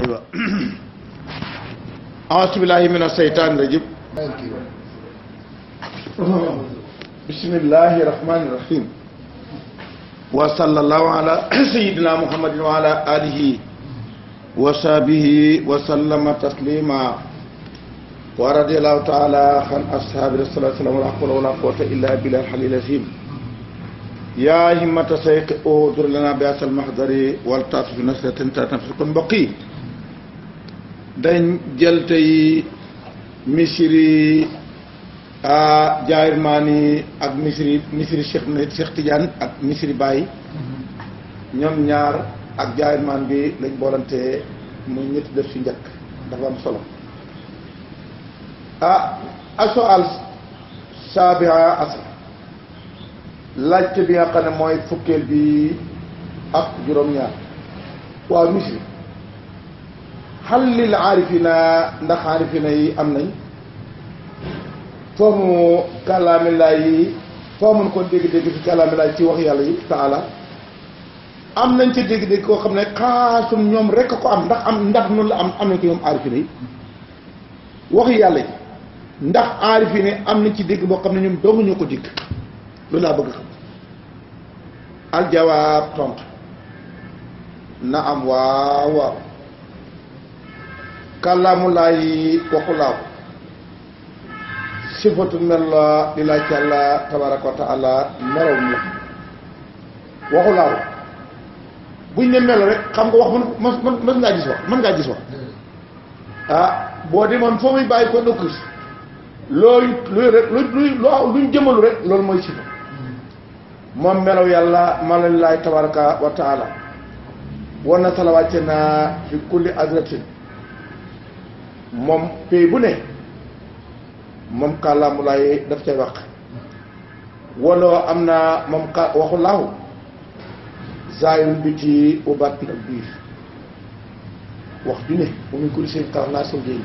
أيوة أعوذ بالله من الشيطان الرجيم بسم الله الرحمن الرحيم وصلى الله على سيدنا محمد وعلى آله وصحبه وسلم تسليما ورضي الله تعالى عن أصحاب رسول الله صلى الله عليه وسلم ولا قوة إلا بالله الحلي العظيم يا همة سيك أودر لنا بأس المحضر والتعطف نسرة تنفسكم بقي dañ jëlte yi misiri jaayirmaani ak misiri misiri Cheikh Cheikh Tidiane ak misiri Baye mhm. ñoom ñaar ak jaayirmaan bi lañ boolantee muy ñetti def ci njëkk dafa am solo ah asoal saabia as laajte bi nga xam ne mooy fukkeel bi ak juróom-ñaar waaw misiri xal lil aarifina ndax aarifina yi am nañ foomu kàllaamilaay yi foo mën ko dégg-dégg ci kàllaamilaay ci wax yàlla yi taala am nañ ci dégg-dégg koo xam ne xaasum ñoom rekk ko am ndax am ndax noonu la am am nañ ko ñoom aarifina yi wax yàlla yi ndax aarifina am nañ ci dégg boo xam ne ñoom dong ñoo ko dikk loolu laa bëgg xam aljawaab tontu na am waaw waaw kàllaamu laayi waxulaahu sifatu mel wa buñ ne melo rek xam nga wax man mën ngaa gis wax mën ngaa gis wax ah boo demoon foo muy bàyyi ko nëkkër looy luy rek luy luñ jëmalu rek loolu mooy sifa moom melaw yàlla melo laay tabaraka wa taala war na salawàcce naa fi kulli azratin moom pay bu ne moom kàllaamu laay daf cay wax wala am na moom ka waxu laaw zaayum bi ci ubaat nag biir wax ju ne mu ngi kuli seen tax naa seen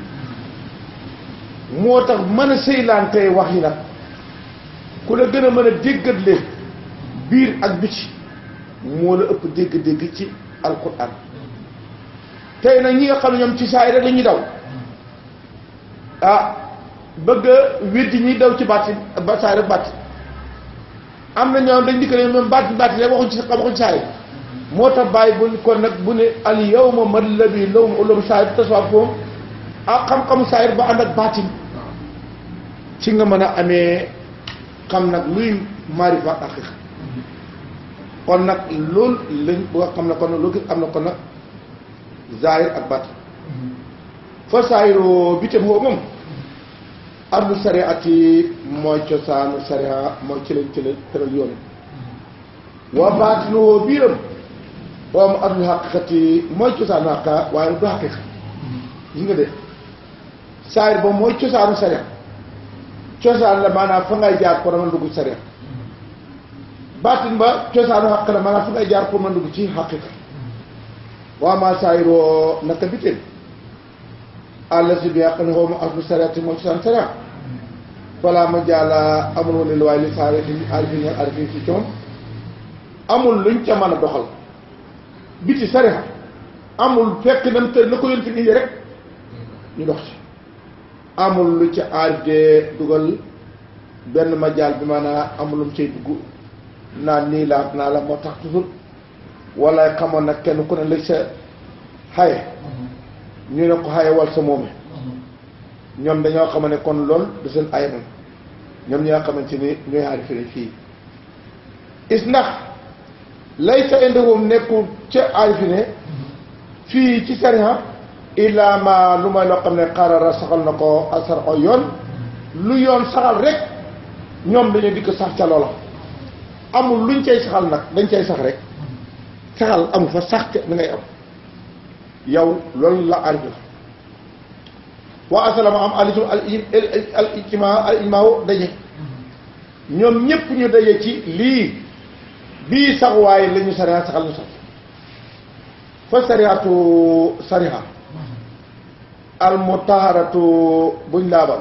moo tax mën a sëylantee wax yi nag ku la gën a mën a déggatle biir ak bitti moo la ëpp dégg-dégg ci alquran tey nag ñi nga xam ne ñoom ci saay rek la ñuy daw ah bëgg a ñuy ñiy daw ci baat ba saare baat am na ñoom dañ dikk ne ñoom baat baat rek waxuñ ci waxuñ saare moo tax bàyyi buñ kon nag bu ne al mën man la bi lawm ulum saayir tasawuf foom ak ah, xam-xamu saayir ba ànd ak baatin ci nga mën a amee xam nag luy maarifa aqiq kon nag loolu lañ wax xam am na kon nag zaahir ak baatin fa saayiroo bitim woo moom ardu sariati mooy cosaanu saria mooy ci lañ ci lañ tëral yoon wa baatinoo biiram moom ardu xaqiqati mooy cosaanu xaqa waaye du xaqiqa gis nga de saayir ba mooy cosaanu saria cosaan la maanaam fa ngay jaar pour mën dugg baatin ba cosaanu xaq la maanaam fa ngay jaar pour mën dugg ci xaqiqa waa maa saayiroo naka bitim àllasi bi yàq ne xaw ma aslu sarati moo ci san sara voilà ma jàlla amul woon li waaye li saareti arifin ak arifin ci coom luñ ca mën a doxal biti am amul fekk nam te na ko yén fi nii rek ñu dox ci amul lu ca aarif de dugal benn ma jaal bi maanaa amulum cay dugg naan nii laat naa la moo tax toujours wala xamoon nag kenn ku ne la sa xaye mm-hmm. ñu ne ko xayawal sa moome ñoom dañoo xam ne kon lool du seen ay moom ñoom ñoo xamante ni ñooy aarifale fii is ndax lay sa indewum nekkul ca aarifine fii ci sariha illaa ma lu may loo xam ne xarara saxal na ko asar o yoon lu yoon saxal rek ñoom dañu dikk sax ca loola amul luñ cay saxal nag dañ cay sax rek saxal amu fa sax ca da am yow loolu la arju waa asalama am alitul al ijma al daje ñoom ñépp ñu daje ci lii bii sax waaye la ñu sariya saxal ñu sax fa sariyaatu sariya al mutaharatu buñ laabal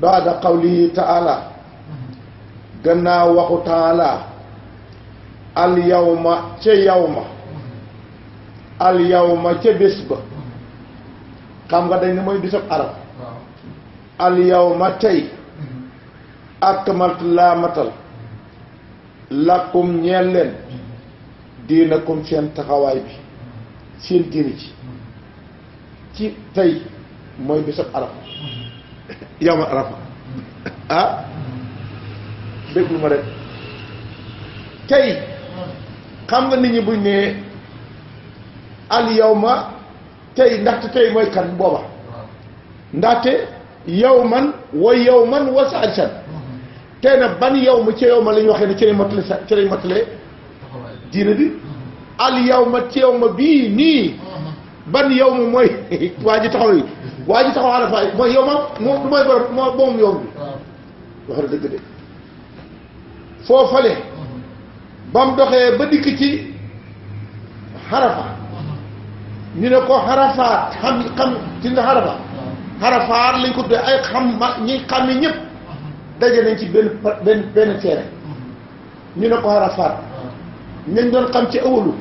baada qawlihi taala gannaaw waxu taala al yawma ca yawma al yawma ca bés ba xam nga dañ ne mooy bisab arab al yawma tey mhm. akmaltu laa matal lakkum ñeel leen mhm. diinakum seen taxawaay bi mhm. seen diini ci ci tey mooy bisab arafa yawma arafa ah déglu ma rek tey xam nga nit ñi buñ nee al yawma tey ndaxte tey mooy kan booba ndaxte yow man wa yow man wa saalsan tey nag ban yow ma ci yow ma la ñu waxee ne ci lay mottale sa ci lay mottale diina bi al yow ma ci yow ma bii nii ban yow ma mooy waa ji taxaw yi waa taxaw arafa yi mooy yow ma moom mooy borom moom yow bi foofale ba doxee ba dikk ci xarafa ñu ne ko xarafaat xam xam ci nga xarafa xarafaat lañ ko tuddee ay xam ñi xam ne ñëpp daje nañ ci benn benn benn teere ñu ne ko xarafaat nañ doon xam ci awalu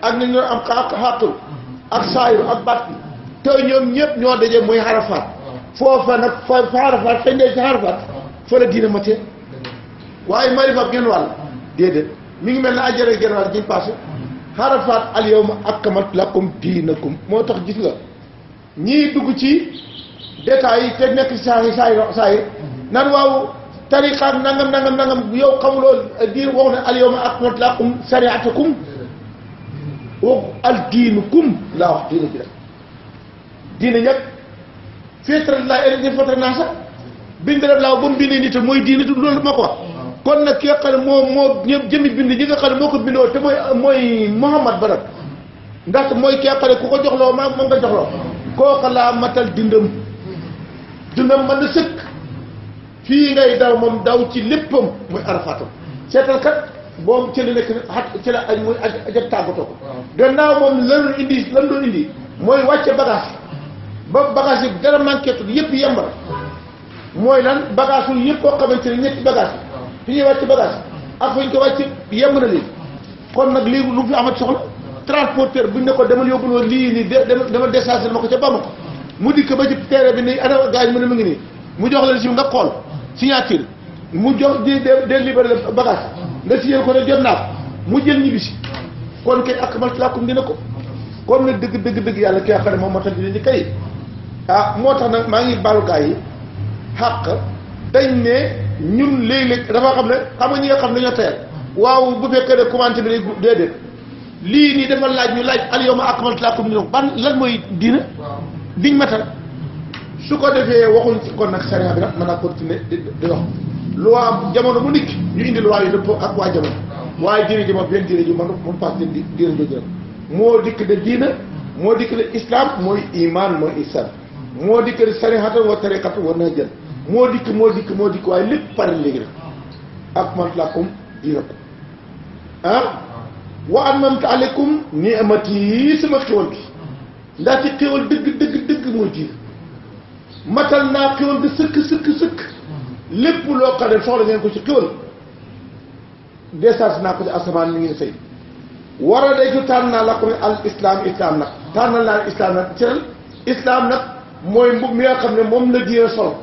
ak nañ doon am ak xàqul ak saayu ak baat bi te ñoom ñëpp ñoo daje muy xarafaat foofa nag fa fa xarafaat fañ dee ci xarafaat fa la diina ma tee waaye marifa genn wàll déedéet mi ngi mel ne ajjara genn wàll jiñ passé xaaral faat al yawma akmaltu lakum diinakum moo tax gis nga ñii dugg ci détails te nekk si saa yi saa yi naan waaw tariqaam nangam nangam nangam yow xamuloo diir wax na al yawma akmaltu lakum sariatakum wax al diinukum laa wax diina bi diina ñëpp féetara laa ere ni naa sax biñ laa ba mu bindee nit mooy diina loolu ma ko kon na ki nga xam ne moo moo ñëpp bind ñi nga xam ne moo ko bindoo te mooy mooy Muhammad ba nag ndax mooy ki nga xam ku ko joxloo ma ma nga joxloo kooka laa matal dundam dundam mën na sëkk fii ngay daw moom daw ci léppam muy arafaatam seetal moom ci la nekk xat ko gannaaw moom lan indi lan doon indi mooy wàcce bagage ba bagage yi dara manqué tul yëpp yemb mooy lan bagage yu yëpp koo xamante ne ñetti bagage fi ñuy wàcc bagage ak fu ñu ko wàcc yemb na lii kon nag lii lu fi amati soxla transporteur buñ ne ko demal yóbbul woon lii nii dama décharger ma ko ca Bamako mu dikk ba ci terrain bi ni ana gars yi mu ne mu ngi nii mu jox leen si nga xool signature mu jox di délibéré bagage nga signé ko ne jot naa ko mu jël ñibbi si kon kay akmaltu ne ko kon nag dëgg dëgg dëgg yàlla ki nga xam ne moom moo tax ñu ah moo tax nag maa ngi baalu gars yi xàq dañ ne ñun léeg-léeg dafa xam ne xam nga ñi nga xam ne dañoo tayal waaw bu fekkee ne commenté bi day déedéet lii nii dafa laaj ñu laaj al yawma akmaltu lakum dinakum ban lan mooy diina diñ matal su ko defee waxuñ ci kon nag sariya bi nag naa continuer di di wax loi jamono bu nit ñu indi loi yu dëppoo ak waa jamono waaye diina ji moom benn diina ji moom moom paas leen di diina jooju moo dikk de diina moo dikk de islam mooy iman mooy islam moo dikk de sarihatan wa tariqatan wa najjan moo dikk moo dikk moo dikk waaye lépp pare léegi rek ak mat lakum diinakum ah wa anamtu aleykum ni amati sama xéwal gi ndaxte xéwal dëgg dëgg dëgg mooy diir matal naa xéwal bi sëkk sëkk lépp loo xam ne soxla ngeen ko ci xéwal descente naa ko ci asamaan mi ngi sëy war a day ko tànn naa la ko ne al islam islam nag tànnal naa islam nag nag mooy mbub mi xam ne moom la diine solo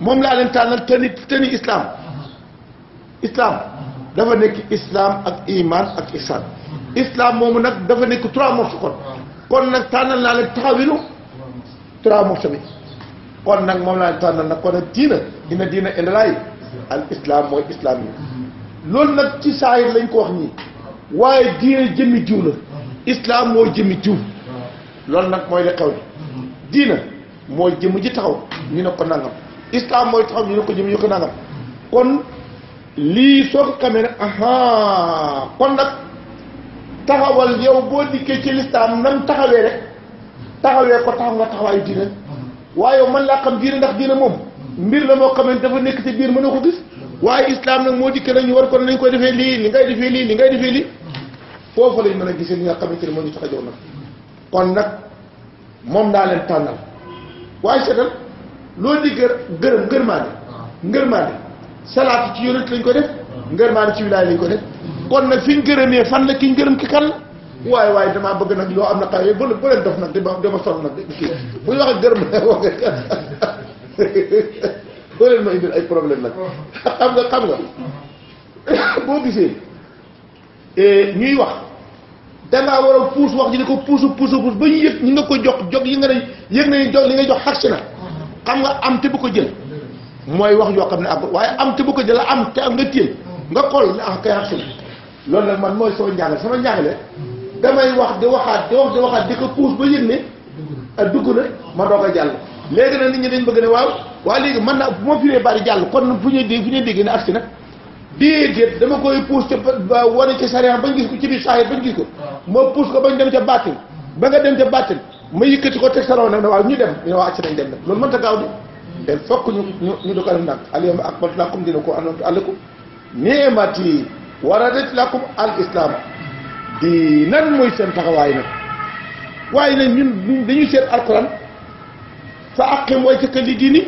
moom laa leen tànnal teni teni islam islam dafa nekk islam ak iman ak ihsan islam moomu nag dafa nekk trois morceaux kon kon nag tànnal naa leen taxawinu trois morceaux bi kon nag moom laa leen nag kon nag diina dina diina indalaay al islam mooy islam yi loolu nag ci saayir lañ ko wax nii waaye diina jëmmi jiw la islam mooy jëmmi jiw loolu nag mooy la xew ni diina mooy jëmm ji taxaw ñu ne ko nangam islam mooy taxaw ñu ne ko jëm ñu ko nangam kon lii soo ko xamee ne aha kon nag taxawal yow boo dikkee ci lislaam nam taxawee rek taxawee ko taxaw nga taxawaayu diine waaye man laa xam diine ndax diine moom mbir na moo xamee dafa nekk ci biir mën na ko gis waaye islam nag moo dikkee nag war kon nañ koy defee lii li ngay defee li ngay defee lii foofu lañ mën a gisee li nga xamante ne moo ñu tax nag moom naa leen tànnal waaye seetal loolu di gër gërëm ngërmaane ah. ngërmaane salaatu ci yonent lañ ko def ah. ngërmaane ci wilaay lañ ko def kon nag fi ñu gërëmee fan la ki ñu gërëm ki kan waaye waaye damaa bëgg nag loo am na xaw bu bu leen dof nag dama dama sol gërëm nag wax boo leen ma indil ay ah. xam nga xam nga boo gisee eh, ñuy wax dangaa war a puus wax ji di ko puusu puusu puus ba ñu yëg ñi nga ko jox jox yi nga ne yëg nañu jox li nga jox xagsi na xam nga am te bu ko jël mooy wax yoo xam ne ak waaye am te bu ko jël am te am nga téye nga xool na ah kay xasul loolu nag man mooy sama njàngale sama njàngale damay wax di waxaat di wax di waxaat di ko puus ba yëg ne a dugg na ma doog a jàll léegi nag nit ñi dañ bëgg ne waaw waaye léegi man na bu ma firee bari jàll kon fu ñuy dégg fu ñuy dégg ne agsi nag déedéet dama koy puus ca ba wane ci sariya bañ gis ko ci biir saahir bañ gis ko moo puus dem ca bàttin ba nga dem ca bàttin ma yëkkati ko teg saraw nag ne waaw ñu dem ñu ne waaw acc nañ dem nag loolu mënta gaaw di del fokk ñu ñu ñu dugg alam nag alyawma akmaltu lakum dinakum anamtu alakum ni'mati wa raditu lakum al islam diinan mooy seen taxawaay nag waaye nag ñun dañuy seet alquran fa aqim wajhaka li diini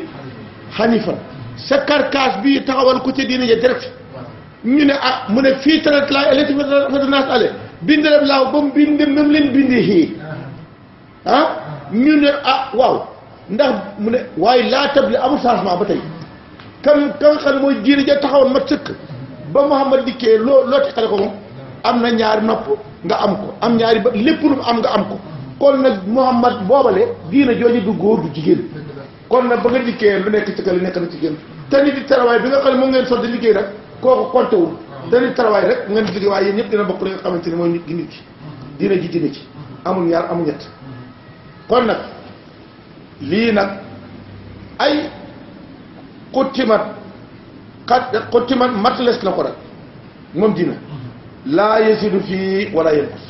hanifan sa karkaas bi taxawal ko ci diini ja direct ñu ne ah mu ne fii tarat laa eleti fa danaas ale bindalem laaw ba mu bind même leen bindi xii ah ñu ne ah waaw ndax mu ne waaye laa table amul changement ba tey kam ka nga xam ne mooy diine ja taxawoon mat sëkk ba Mouhamad dikkee loo loo teqale ko moom am na ñaari nopp nga am ko am ñaari ba lépp lu am nga am ko kon nag Mouhamad boobale diine jooju du góor du jigéen kon nag ba nga dikkee lu nekk ci nekk na ci jigéen te nit di tarawaay bi nga xam ne moom ngeen sotti liggéey nag kooku compté wul te nit tarawaay rek ngeen jóge waaye yéen ñëpp dina bokk li nga xamante ni mooy nit gi nit ki diine ji diine ci amul ñaar amul ñett kon nag lii nag ay xuttimat xat xuttimat mat les na ko nag moom dina laa yasidu fii wala yanqus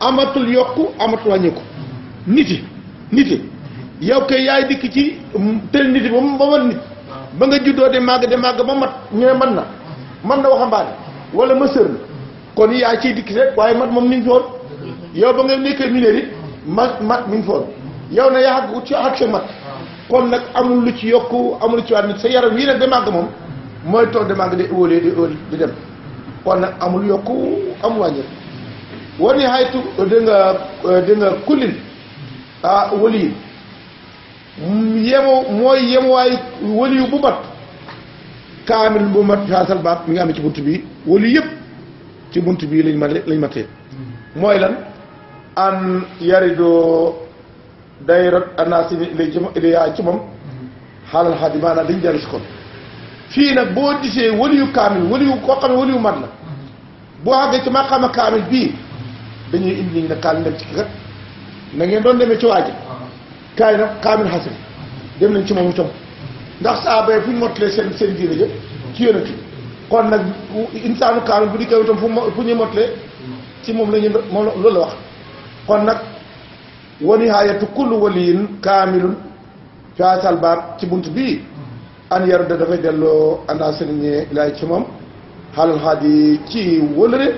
amatul yokku amatul wàññeeku niti niti yow kay yaay dikk ci tël niti ba nit ba nga juddoo de màgg de màgg ba mat ñu man na man na waxambaane wala ma sër na kon yaay ciy dikk rek waaye mat moom ni ñu yow ba nga nekkee mineur yi mag mag mi ngi yow ne yaa àgg ci àgg sa mag kon nag amul lu ci yokku amul lu ci waat nit sa yaram yii nag de moom mooy toog de màgg di di dem kon nag amul yokku am wàññi war ni xaytu dégg nga dégg nga kullin ah wali yi mooy yemuwaay wali bu mat kaamil bu mat xaasal baat mi nga am ci bunt bi wali yëpp ci bunt bii lañ ma lañ matee mm-hmm. mooy lan an yaridoo dayrat anasimi ilay ilay ci moom xaalal xaadi maanaam dañ jari si kon fii nag boo disee waliyu kaamil waliyu koo xam ne waliyu mat la boo àggee ci maqaama kaamil bii dañuy indi nag kaamil dem ci kat ngeen doon demee ci waaji kaay nag kaamil xasan dem nañ ci moom itam ndax saa bay fu ñu mottalee seen seen diine jëpp ci yonent bi kon nag insaanu kaamil bu dikkee itam fu mu fu ñuy mottalee ci moom la ñu moom loolu la wax kon nag wa nihaayatu kullu waliyin kaamilun fi haasal baab ci bunt bii an yaru da dafay delloo andaa sëriñee ilaay ci moom xaalal xaadi ci wëlëre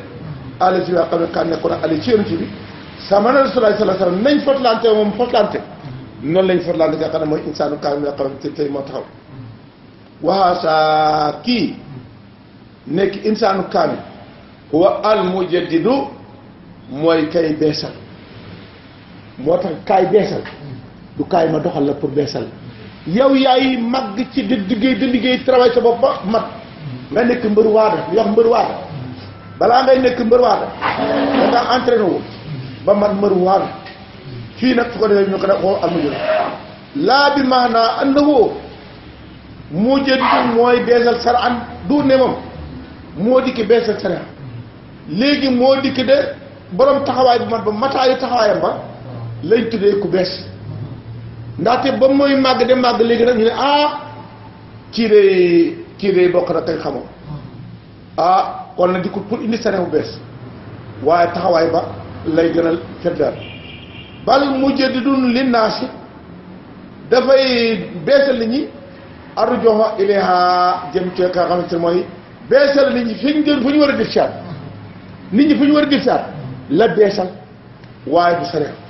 ale si nga xam ne kaan nekkoon ak ale ci yonent sama na rasulaay salaa salaam nañ fotlante fotlante noonu lañ fotlante nga xam ne mooy insaanu kaamil nga xam ne tey moo taxaw waxaasaa kii nekk insaanu kaamil huwa al mooy kay beesal moo tax kaay beesal du kaay ma doxal la pour beesal yow yaay màgg ci di di liggéey travail sa bopp ba mat nga nekk mbër waada ñu wax balaa ngay nekk mbër waada da ngaa entraîné wu ba mat mbër waada fii nag su ko defee ñu ko def xool am na laa bi maanaa moo jënd mooy beesal sara an du ne moom moo dikki beesal sara léegi moo dikki de borom taxawaay bu mat ba mataayu taxawaayam ba lañ tuddee ku bees ndaxte ba mooy màgg de màgg léegi nag ñu ne ah kii de kii de bokk na kañ xamoo ah kon na di ko pour indi sene bu bees waaye taxawaay ba lay gën a feddaal bal mujaddidun li naasi dafay beesal nit ñi aru joxo ka xamante ne mooy beesal nit ñi fi ñu war a def nit ñi fu ñu war a def la beesal waaye bu sene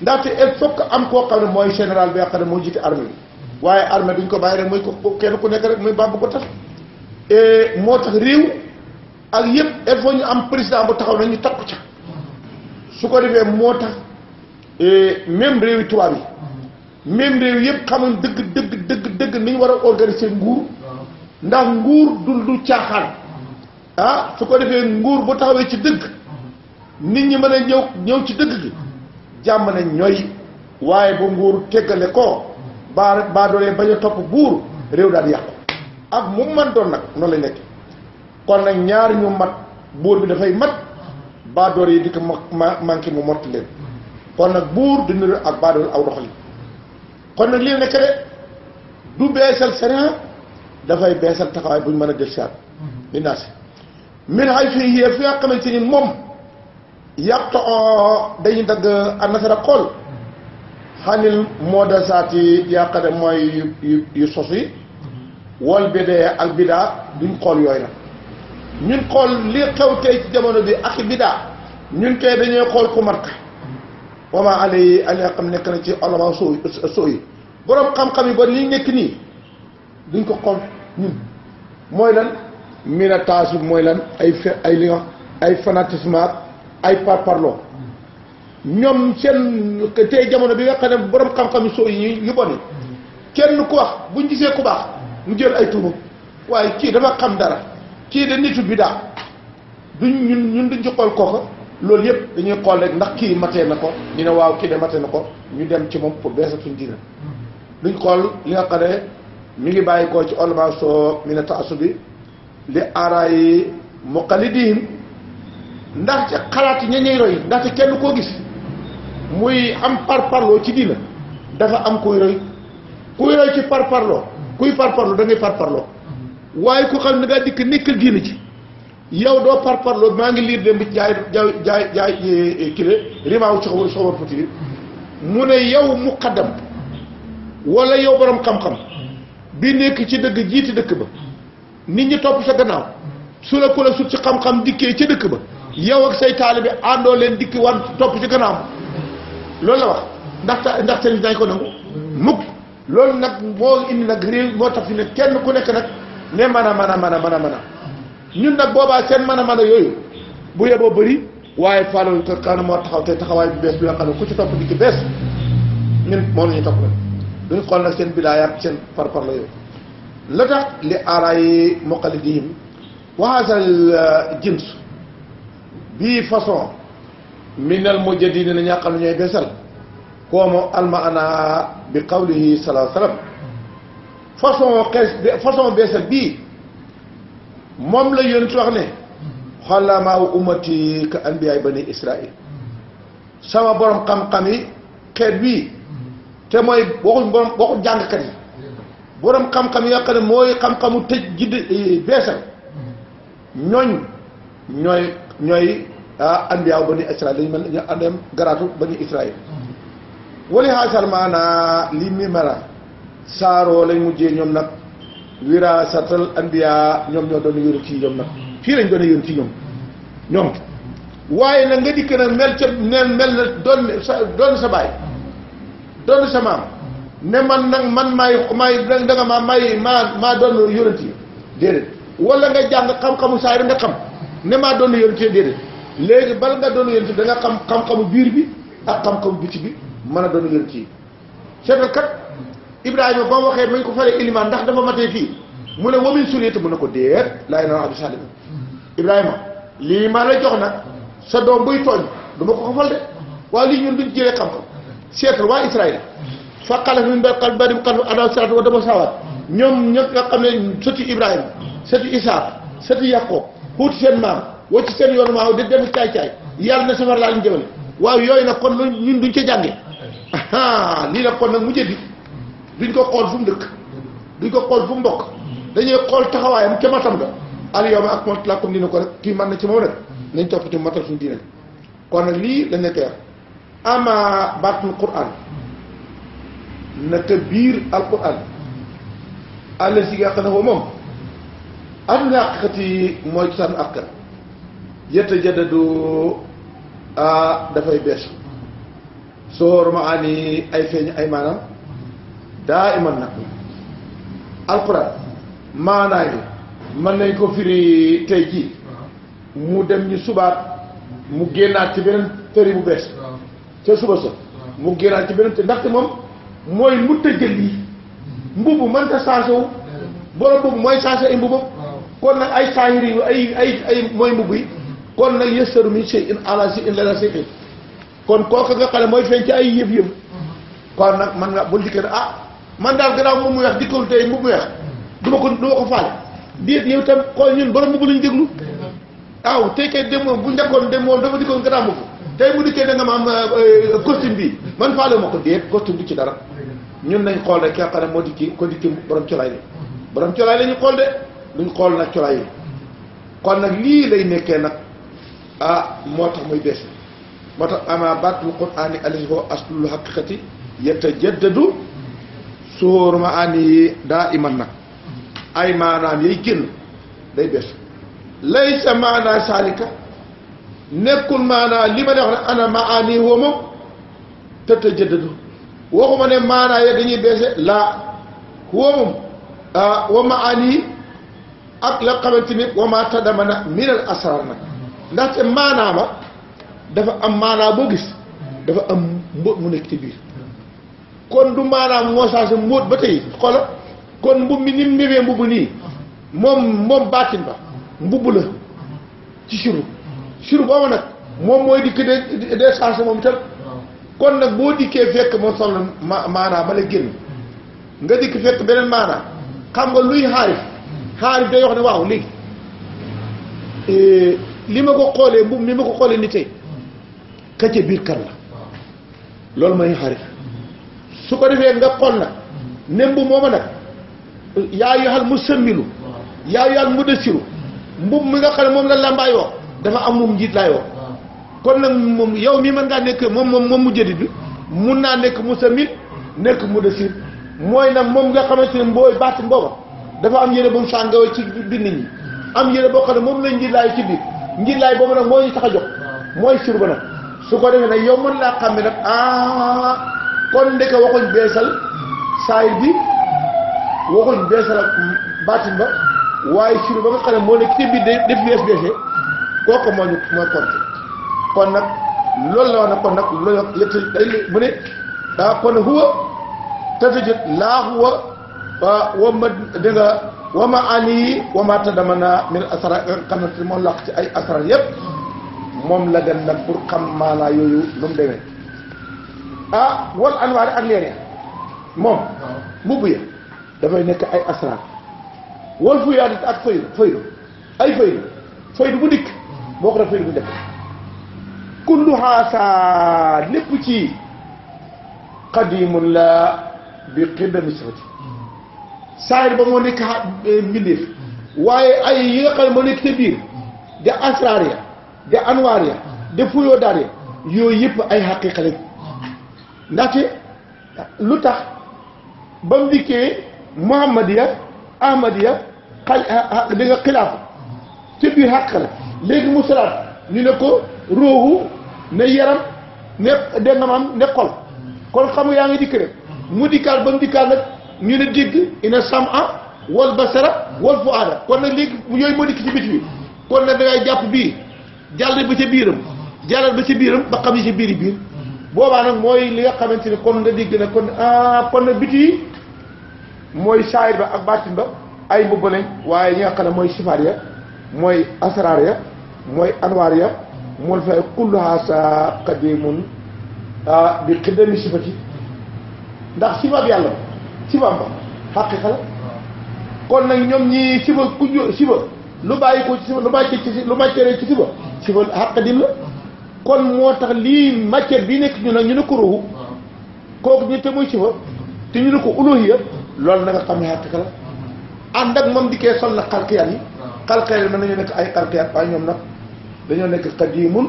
ndaxte il faut que am koo xam ne mooy général bi nga xam ne moo jiite armée bi waaye armée duñ ko bàyyi rek muy ko kenn ku nekk rek muy bàbb ko tax moo tax réew ak yëpp il faut ñu am président bu taxaw nañu ñu takku ca su ko defee moo tax même réewi tubaab bi même réew yëpp xamuñ dëgg dëgg dëgg dëgg ni ñu war a organiser nguur ndax nguur du du caaxaan ah su ko defee nguur bu taxawee ci dëgg nit ñi mën a ñëw ñëw ci dëgg gi jàmm ne ñooy waaye bu nguur teggale ko baa baa doolee bañ a topp buur réew daal yàqu ak mu man doon nag noonu lay nekk kon nag ñaar ñu mat buur bi dafay mat baadoor yi di ko ma manqué mu mott leen kon nag buur di niru ak baadoor aw doxali kon nag lii nekk de du beesal sénéa dafay beesal taxawaay bu ñu mën a jël saat li naa si fii yée fi nga xamante ni moom yàq oo dañuy dagg anasara xool xanil moo da saati yàqare mooy yu yu sos yi wal bidee ak bidaa duñ xool yooyu nag ñun xool li xew tey ci jamono bi ak bidaa ñun tey dañuy xool ku mat ka wama alay ali xam nekk na ci olama soo soo yi boroom xam-xam yi ba li nekk nii duñ ko xool ñun mooy lan mina taasub mooy lan ay fe ay li ay fanatisme ay par parloo ñoom seen tey jamono bi nga xam ne borom xam-xam yu soo yi yu bon kenn ku wax buñ gisee ku baax mu jël ay tuuma waaye kii dafa xam dara kii da nitu bi daa duñ ñu ñun duñ ci xool kooka loolu yëpp dañuy xool rek ndax kii matee na ko ñu ne waaw kii de matee na ko ñu dem ci moom pour beesal suñ diina duñ xool li nga xam ne mi ngi bàyyi koo ci olma soo mi ne taasu bi li aaraayi muqalidihim ndax ca xalaat ña ñuy roy ndaxte kenn koo gis muy am parparloo ci diina dafa am kuy roy kuy roy ci parparloo kuy parparloo da ngay parparloo waaye ku xam ne daa dikk nekkal diina ci yow doo parparloo maa ngi liir démb jaay jaay jaay jaay eh, eh, kile rimaaw soxor soxor fatiir mu ne yow muqaddam wala yow borom xam-xam bi nekk ci dëgg jiiti dëkk ba nit ñi topp sa gannaaw su la ko la sut ci xam-xam dikkee ca dëkk ba yow ak say taalibe àndoo leen dikki wan topp ci gannaaw loolu la wax ndax ndax sëriñ dañ ko nangu mukk loolu nag moo indi nag réew moo tax fi ne kenn ku nekk nag ne mën a mën a mën a ñun nag boobaa seen mën a mën a yooyu bu yeboo bari waaye faaloolu kër kaana moo taxaw te taxawaay bu bees bi nga xam ne ku ci topp dikki bees ñun moo la ñu topp nag xool nag seen bidaayaat seen parpar la yooyu la tax li aaraay muqalidihim wa haasal jins bii façon minal mujjadin na ñaa xam ñooy beesal koomo almaana bi qawlihi salaa sallam façon beesal bii moom la yonent wax ne xollaamaawu ummati ka anbiyaay bani israil sama borom xam-xam yi xeet wii te mooy waxuñ borom waxu jàngkat yi borom xam-xam yi nga ne mooy xam-xamu tëj jidd eh, beesal ñooñ ñooy ñooy ah ba bani israil dañu mel ñu andem garaatu bani israil wali saaroo lañ mujjee ñoom nag wiraasatal anbiya ñoom ñoo doon yónni ci ñoom nag fii lañ doon yónni ci ñoom ñoom waaye nag nga dikk nag mel ca mel mel na doon sa baay doon sa maam ne man nag man maay da nga maa maay doon yónni déedéet wala nga jàng xam-xamu saa yi nga xam ne maa doon yónni déedéet léegi bal nga doon yonent da nga xam xamu biir bi ak xam-xamu biti bi mën a doon yonent yi seetal kat Ibrahima boo waxee mañ ko faree ilimaan ndax dafa matee fii mu ne wamin mu ne ko déet laa ilaaha illa Salim Ibrahima jox nag sa doom buy tooñ du ma ko xafal de waaye lii ñun duñ jëlee xam-xam seetal waa Israël fa xalafa min ba'dihim xalfun ñoom nga xam ne sëti Ibrahima sëti Isaaq sëti Yaqoob xuuti seen maam wacc seen yoonu maaw di dem caay-caay yàlla na safar laa leen jëmale waaw yooyu nag kon ñun duñ ca jànge lii nag kon nag mu jëddi duñ ko xool fu dëkk duñ ko xool fu mbokk bokk dañuy xool taxawaayam ca matam nga al ak mot laa comme kii man na ci moom rek nañ toppati matal suñu diine kon nag lii lañ nekk yar ama baatul quran naka biir al quran àll si nga xam yatajadadu a dafay beesu soor ma ani ay feeñ ay maanaam daa iman nag alxuraan maanaa yi mën nañ ko firi tey jii mu dem ñu subaat mu génnaat ci beneen tëri bu bees ca suba sa mu génnaat ci beneen tëri ndaxte moom mooy mu tëjal yi mbubu mënta saasewu borom boobu mooy saase ay mbubam kon ay saahir yu ay ay ay mooy mbubb yi kon nag yëstaru min shay'in ala kon kooku nga xam ne mooy feeñ ci ay yëf yëf kon nag man nga bul dikkee ah man daal gannaaw moom mu weex dikkul tey mu weex du ko du ma ko faale déet yow tam xool ñun borom mbubb lañu déglu waaw tey kay dem moom bu njëkkoon dem moom dafa dikkoon gannaaw mbubb tey mu dikkee da nga ma am euh, costume bi man faale ko déet costume bi ci dara ñun nañ xool rek ki nga xam ne moo di kii ko di kii borom colaay la borom colaay la ñu xool de duñ xool nag colaay yi kon nag lii lay nekkee ah moo tax muy bees moo tax ama baatul qur'aani allazi huwa aslul haqiqati yatajaddadu suhóoru ma ani daa nag ay maanaam yay génn day bees laysa maanaa saalika nekkul maanaa li ma ne wax ne ana ma ani huwa moom ne maanaa ya dañuy beese laa huwa moom ah, wa ma ani ak la xamante ni wa ma tadamana min al asrar nag ndaxte maanaa la dafa am maanaa boo gis dafa am mbóot mu nekk ci biir kon du maanaam moo saa sa mbóot ba tey xoola kon mbubb mi ni mu mbubb nii moom moom baatin ba mbubb la ci suru suru boobu nag moom mooy dikk de de saa sa moom itam kon nag boo dikkee fekk moo soxla ma maanaa ba la génn nga dikk fekk beneen maanaa xam nga luy xaarif xaarif day wax ne waaw léegi li ma ko xoolee mbubb mi ma ko xoolee ni tey ka ca biir kar la loolu mooy xarit su ko defee nga xool nag ne mbubb mooma nag yaa yoxal mu sëmmilu yaa yoxal mu dësiru mbubb mi nga xam ne moom la làmbaayoo dafa am moom njiit nag moom yow mii mën ngaa nekk moom moom mu jëddi bi mun naa nekk mu sëmmil nekk mu dësir mooy nag moom nga xamante ne mbooy baat mbooba dafa am yére bu mu ci biir am yére boo xam moom lañ njiit laay ci biir ngir laay boobu nag moo ñu tax a jóg mooy surba nag su ko defee nag yow mën laa xam ne nag ah kon ndeke waxuñ beesal saayir bi waxuñ beesal ak baatin ba waaye surba nga xam ne moo nekk ci moo kon nag loolu la wax nag kon nag loolu la yëpp si mu ne ah, kon huwa tafijut laa huwa ah, wa ma dégg wa ma ali wa ma tadamana min asrar nga xam ne moom làq ci ay asrar yépp moom la gën nag pour xam maanaa yooyu lu mu demee ah wal anwaari ak leneen moom mbubb ya dafay nekk ay asrar wal fuyaadit ak faydu faydu ay faydu faydu bu dikk boo ko def faydu bu njëkk kullu xaasaa lépp ci qadimun la bi qidami sifati saayir ba moo nekk eh, mbindeef waaye ay yi moo nekk ca biir de asraar ya di anwaar ya de fuyoo ya yooyu yëpp ay xaqiiqa lañ ndaxte lu tax ba mu dikkee muhammadiya ahmadiya xal li ah, ah, nga xilaafa ca biir xàq la léegi mu salaat ñu ne ko róoxu ne yaram ne dennamam ne xol kon xamu yaa ngi dikk rek mu dikkaat ba mu dikkaat nag ñu ne dégg a sam'a wal basara wal fuada kon nag léegi yooyu moo dikk ci bit bi kon nag da ngay jàpp bii jàll ba ca biiram jàllal ba ci biiram ba xam yi ca biiri biir boobaa nag mooy li nga xamante ne kon nga dégg nag kon ah kon nag bit mooy saayir ba ak baatin ba ay mbubb lañ waaye ñi nga xam ne mooy sifaar ya mooy asraar ya mooy anwaar ya mool fay kulluha sa qadimun bi xidami sifati ndax sifaat yàlla ci Bamba kon nag ñoom ñi siba ku siba lu bàyyi ko ci siba lu màcce ci lu màccere ci siba siba xaq din la kon moo tax lii matière bi nekk ñu nag ñu ne ko ruuxu ñu te muy siba te ñu ne ko uluhiya lool na nga xam ne xaqiqa la ànd ak moom sol na xalqiyaat yi xalqiyaat yi mën nañu nekk ay xalqiyaat waaye ñoom na dañoo nekk qadimun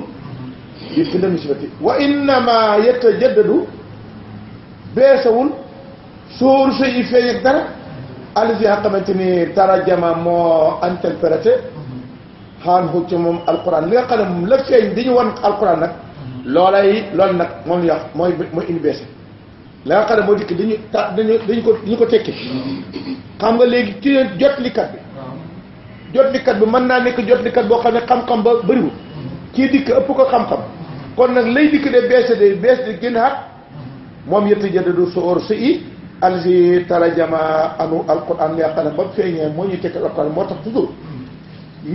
bi fi la nisbati wa innama yatajaddadu beesawul sóoru sëy yi feeñ ak dara alif yaa xamante ni tarajama moo interprété xaan hu ci moom alquran li nga xam ne moom la feeñ di ñu wan alquran nag loolay loolu nag moom yàq mooy mooy université la nga xam ne moo dikk dañu ta ko dañu ko tekki xam nga léegi ki jotlikat bi jotlikat bi mën naa nekk jot jotlikat boo xam ne xam-xam ba bëriwul kii dikk ëpp ko xam-xam kon nag lay dikk de bees de bees di génn xaq moom yëtta jënd du soor si i alfi tarajama anu alquran nga xam ne ba feeñee moo ñuy tekkal alquran moo tax toujours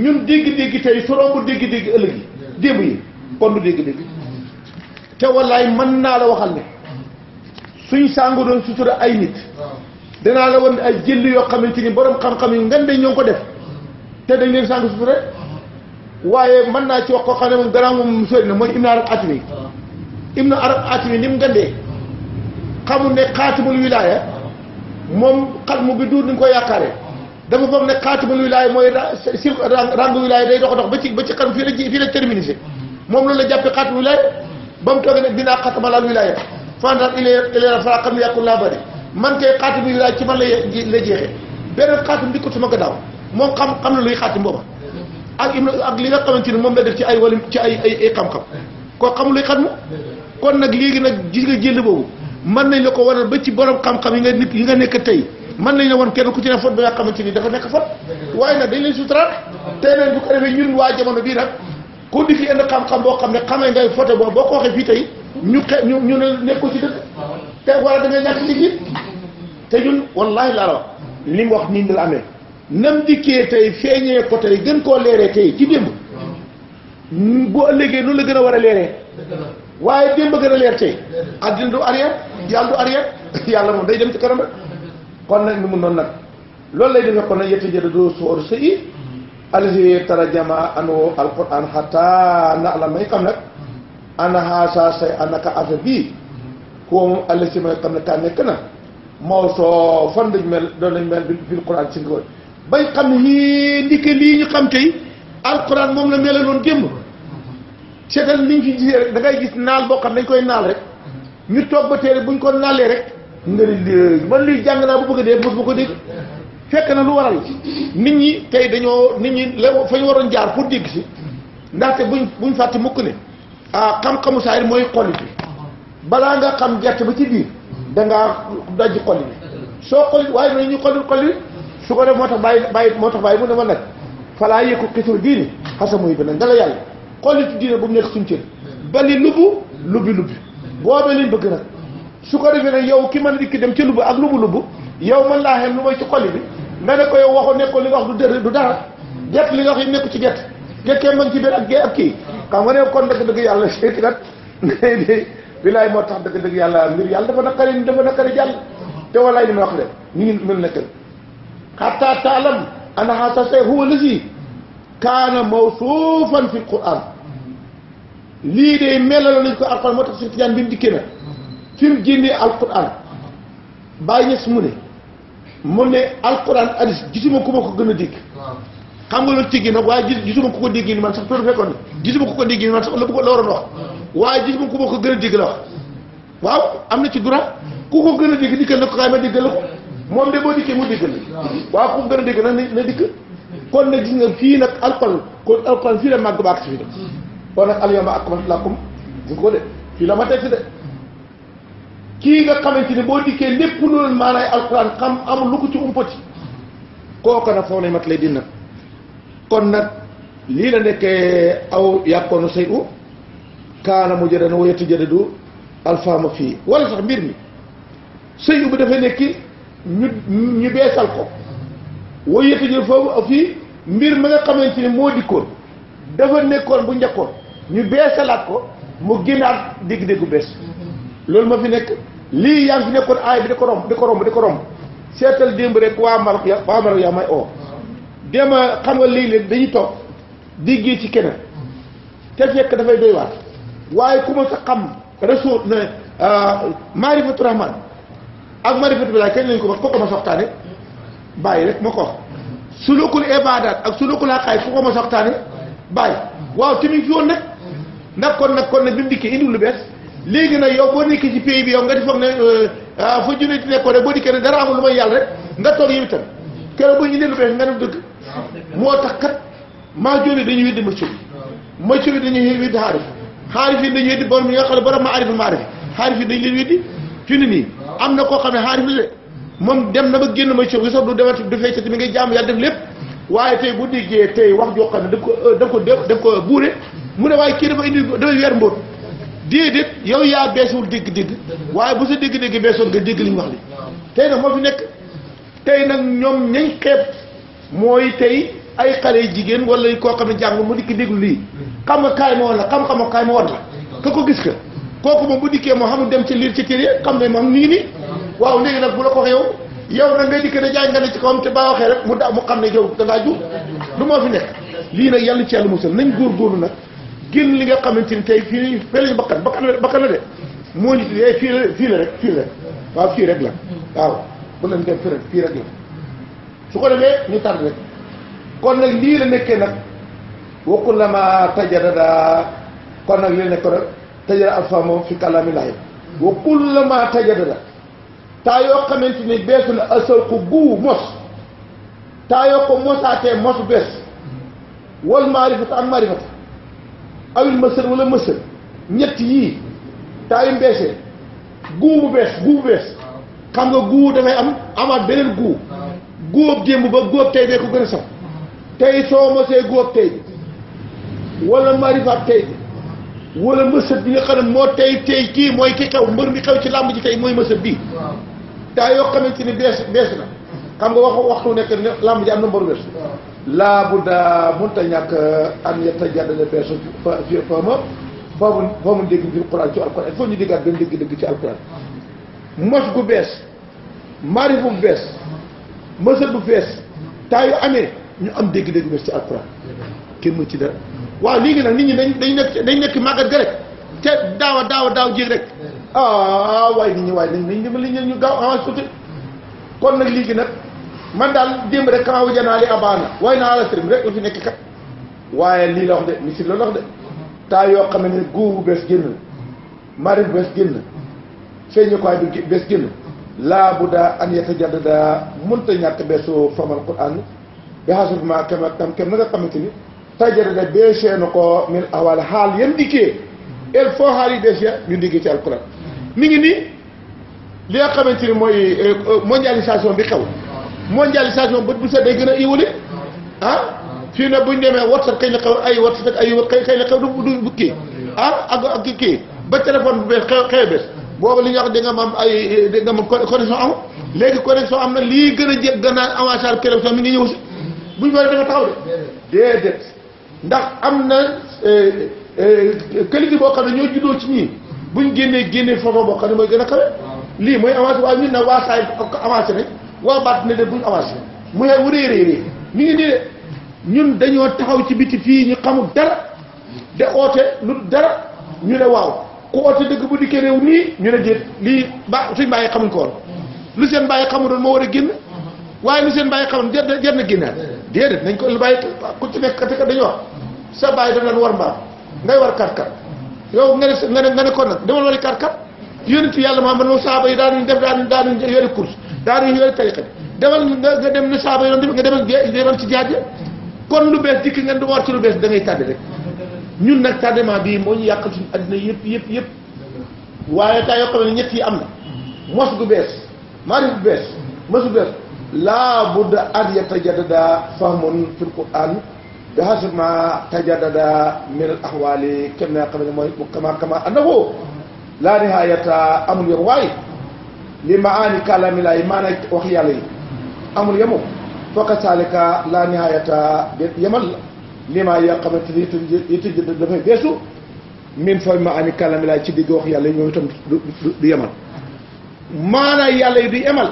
ñun dégg-dégg tey sorombu dégg-dégg ëllëg yi démb yi kon dégg-dégg te wallaay mën naa la waxal ne suñ sàngu doon sutura ay nit danaa la woon ay jëll yoo xamante ni borom xam-xam yi ngan de ñoo ko def te dañ leen sàngu sutura waaye mën naa ci wax koo xam ne moom gannaaw moom sori na mooy ibnu arab atimi ah. ibnu arab atimi ni mu ngandee xamul ne xaatimul wilaaya moom xat mu bi duur ni ko yaakaaree dafa foog ne xaatimul wilaaya mooy si rang wilaaya day dox dox ba ci ba ci xam fii la fii la terminisé moom loolu la jàppee xaatimul wilaaya ba mu toogee ne dinaa xatamalaal wilaaya fandar ileera fara xam yàqul laa bari man kay xaatimul wilaaya ci man la la jeexee beneen xaatim di ko sama gannaaw moom xam xam na luy xaatim booba ak im ak li nga xamante ni moom la def ci ay walim ci ay ay ay xam-xam koo xamul luy xatmu kon nag léegi nag gis nga jël boobu mën nañ la ko waral ba ci borom xam-xam yi nga nekk yi nga nekk tey mën nañ la wan kenn ku ci ne fot ba nga xamante ni dafa nekk fot waaye nag dañ leen suturaal te nag bu ko defee ñun waa jamono bii nag ku di fi indi xam-xam boo xam ne xamee ngay foto boo boo ko waxee fii tey ñu xe ñu ñu ne nekkul ci dëkk te wala da ngay ñàkk liggéey te ñun wallaahi laa la wax li mu wax nii ni la amee nam dikkee tey feeñee ko tey gën koo leeree tey ci démb bu ëllëgee noonu la gën a war a leeree waaye démb gën a leer tey addina du arrière yàlla du arrière yàlla moom day dem ci kanam kon nag nu mu noonu nag loolu lay demee kon nag yetti jëda do soor sa i alhi tarajama anoo alquran xata na la may xam nag ana haasa say anaka affaire bii ko moom àll si may xam ne kaa nekk na moo soo fan lañ mel doon lañ mel bi bil quran si nga bañ xam ne yii ndike lii ñu xam tey alquran moom la meloon démb seetal liñ fi gisee rek da ngay gis naal boo xam dañ koy naal rek ñu toog ba téere buñ ko naalee rek nga li man lii jàng naa bu bëgg a dee mos ba ko dégg fekk na lu waral nit ñi tey dañoo nit ñi la fa ñu waroon jaar pour dégg si ndaxte buñ buñ fàtte mukk ne ah xam-xamu saayir mooy xol bi balaa nga xam gerte ba ci biir da ngaa daj xol bi soo xol waaye na ñu xolul xol su ko def moo tax bàyyi bàyyi moo tax bàyyi mu ne ma nag falaa yëkku xisul diini xasa muy bi nag nga la yàlla xool li ci diine bu mu nekk suñ cër bali lubu lubi lubi boobee lañ bëgg nag su ko defee nag yow ki man di ki dem ci lubu ak lubu lubu yow man laa xem lu mooy ci xol bi nga ne ko yow waxu nekkoon li nga wax du dër du dara gett li nga wax yi nekku ci gett gekkee man ci biir ak gee ak kii xam nga ne kon dëgg dëgg yàlla seeti nag moo tax dëgg dëgg yàlla mbir yàlla dafa naqari dafa naqari jàll te walaay ni ma wax de ñu ngi mel nekkal xataa taalam ana xataa say huwa lësi kaana mawsuufan fi alquran lii de melal nañ ko alquran moo tax Cheikh Tidiane bi mu dikkee nag fi mu génnee alquran bàyyi ñes mu ne mu ne alquran hadis gisuma ku ma ko gën a dégg xam nga loolu tiggi nag waaye gisuma ku ko dégg man sax toolu fekkoon ni gisuma ko dégg ni man sax la bëgg la waroon wax waaye gisuma ku ma ko gën a dégg la waaw am na ci droit ku ko gën a dégg dikkal na ko kaay ma déggal la ko moom de boo dikkee mu déggal la waaw ku ko gën a dégg nag na dikk kon nag gis ne fii nag alxuraan ko alxuraan fii la màgg ba ak si fii de kon nag alyawma fii la ma teg si de kii nga xamante ni boo dikkee lépp lu leen maanaay alxuraan xam amul lu ko ci umpati kooka nag foofu lay mat lay dina kon nag lii la nekkee aw yàqoonu say u kaana mu jëdan wa yatajaddadu alfaama fii wala sax mbir mi sëy bu bi dafay ki ñu ñu beesal ko woyete jël foofu fii mbir ma nga ci ne moo dikkoon dafa nekkoon bu njëkkoon ñu beesalaat ko mu gënaat dégg-déggu bees loolu ma fi nekk lii yaa ngi fi nekkoon aay bi di ko romb di ko romb di ko romb seetal démb rek waa Maroc yaa may oo dema xam nga léeg-léeg dañuy toog diggee ci keneen te fekk dafay doy waar waaye ku ma sa xam rasul na euh, maarifatu rahman ak maarifatu billah kenn lañ ko ma ko ma soxtaane bàyyi rek ma ko sulukul ibaadaat ak sulukul xaqaay fu ko mos a waxtaane bàyyi waaw tamit fi woon nag ndax kon nag kon nag bi mu dikkee indiwul lu bees léegi na yow boo nekkee ci pays bi yow nga di foog ne euh, ah, fa junne di boo dikkee ne dara amul lu yàlla rek nga toog yow itam ñu leen lu bees nga def dëgg moo tax kat maa jóge dañuy weddi ma suuf ma suuf dañuy weddi xaarif xaarif yi dañuy weddi borom yi nga xam ne borom ma aarif maarif xaarif yi dañu leen weddi nii am na koo xam ne xaarif la moom dem na ba génn ma coow gi sax du demati du feccati mi ngay jaamu yàlla def lépp waaye tey bu diggee tey wax joo xam ne daf ko euh, daf ko daf ko buure mu ne waaye kii dafa indi dafay weer mbóot déedéet yow yaa beesuwul digg-digg waaye bu sa dégg digg beesoon nga digg li ñu wax li tey nag moo fi nekk tey nag ñoom ñañ xeeb mooy tey ay xale jigéen wala koo xam ne jàng mu dikk déglu lii xam nga kaay ma woon la xam-xam kaay ma woon la ka ko gis ka kooku moom bu dikkee moo xamul dem ci liir ci téere xam ne moom nii nii waaw léegi nag bu la ko waxee yow yow nag nga dikk ne jaay nga ne ci kawam te baa waxee da mu xam ne yow dangaa jur du moo fi nekk lii nag yàlla ci yàlla nañ nañ góorgóorlu nag génn li nga xamante ni tey fii fii la bakkan bakkan la de moo ñu fii la fii la rek waaw fii rek la waaw bu leen dem fii rek la su ko defee ñu tar rek kon nag lii la nekkee nag waqul lama tajadada kon nag lii la nekkoon nag tajada alfa moom fi kàllaami laay waqul lama tajadada taa yoo xamante ni beesu na asaw ko guwu mos taa yoo ko mosaatee mosu bees wal maarifata ak maarifata awil mësër wala mësër ñett yii taa yu mbeesee bu bees guwu bu bees xam nga guwu dafay am amaat beneen guwu góob démb ba góob tey bee ko gën a sax tey soo mosee góob tey bi wala maarifaat tey bi wala mësët bi nga xam moo tey tey kii mooy ki xew mbër mi xew ci làmb ci tey mooy mësët bii daa yoo xamante ni bees bees na xam nga wax waxtu nekk ne làmb ji am na mbaru bees laa bu daa mënta ñàkk euh, an yetta jàddale bees fa fi fama foomu foomu dégg fi alquran ci alquran il faut ñu benn dégg-dégg ci alquran mos gu bees maarif bu bees mësët bu bees taa yu amee ñu am dégg-dégg bees ci alquran kenn mu ci dara waaw léegi nag nit ñi dañ dañ nekk dañ nekk màggat ga rek te daawa daawa daaw jéeg rek ah waaye nit ñi waaye nañ ñu gaaw avance tuuti kon nag léegi nag man daal démb rek kama naa li abaana waaye naa la sëriñ rek la fi nekk kat waaye lii la de misir la wax de taa yoo xam ne góobu bees génn mari bees génn feeñukaay bi bees génn laa bu daa an yatajaddada mënta ñàkk beesoo famal quran bi xasut ma kem ak tam kem na nga xamante ni tajaddada beesee na ko min awal xaal yan dikkee il faut xaal yi bees ya ñu ndikkee ci alquran mi ngi nii li nga xamante ni mooy euh, euh, mondialisation bi xew mondialisation bët bu set day gën a iwale ah fii nag bu ñu demee WhatsApp kañ la xew ay WhatsApp ak ay kañ la xew du du kii ah ak ak kii ba téléphone bu bees xew xew bees boobu li ñuy wax da nga am ay da nga am connexion amul léegi connexion am na lii gën a jég gën a avancé télévision mi ngi ñëw si bu ñu paree dafa taxaw de déedéet ndax am na këligi euh, boo xam ne ñoo juddoo ci ñii buñ génnee génnee photo boo xam ne mooy gën a kawe lii mooy avancé waaye ñun nag waa saay avancé nañ waa baat ne de buñ avancé mu ne wu rëy rëy rëy mi ngi nii de ñun dañoo taxaw ci biti fii ñu xamul dara de oote lu dara ñu ne waaw ku oote dëgg bu dikkee réew nii ñu ne déet lii ba suñ bàyyi xamuñ ko woon lu seen bàyyi xamu doon moo war a génn waaye lu seen bàyyi xamuñ jar jar na génnaat déedéet nañ ko lu bàyyi ku ci nekk dañu wax sa bàyyi daf leen war mbaam ngay war kat kat yow nga ne nga ne nga ne kon nag demal wari kar kar yonent yàlla ma man moom saaba yi daanuñ def daanuñ daanuñ yore course daanuñ yore tariqa dem ne saaba yi doon def nga demal demal ci jaaj kon lu bees dikk ngeen du ma war ci lu bees da ngay tàdde rek ñun nag tardement bii moo ñu yàqal suñu addina yëpp yëpp yëpp waaye taa yoo xam ne ñett yi am na mos gu bees maarif bu bees mos gu bees laa budda an yatajaddada fahmun fil quran bi hasab ma tajaddada min al ahwali kem na xam ne mooy kama kama annahu laa nihaayata amul yem waaye li maani kàllaami laay maana wax yàlla yi amul yemu fokka saalika laa nihaayata yemal li maa yoo xamante ni itam itam dafay beesu min fooy maani kàllaami laay ci digg wax yàlla yi ñoom itam du yemal maana yàlla yi du yemal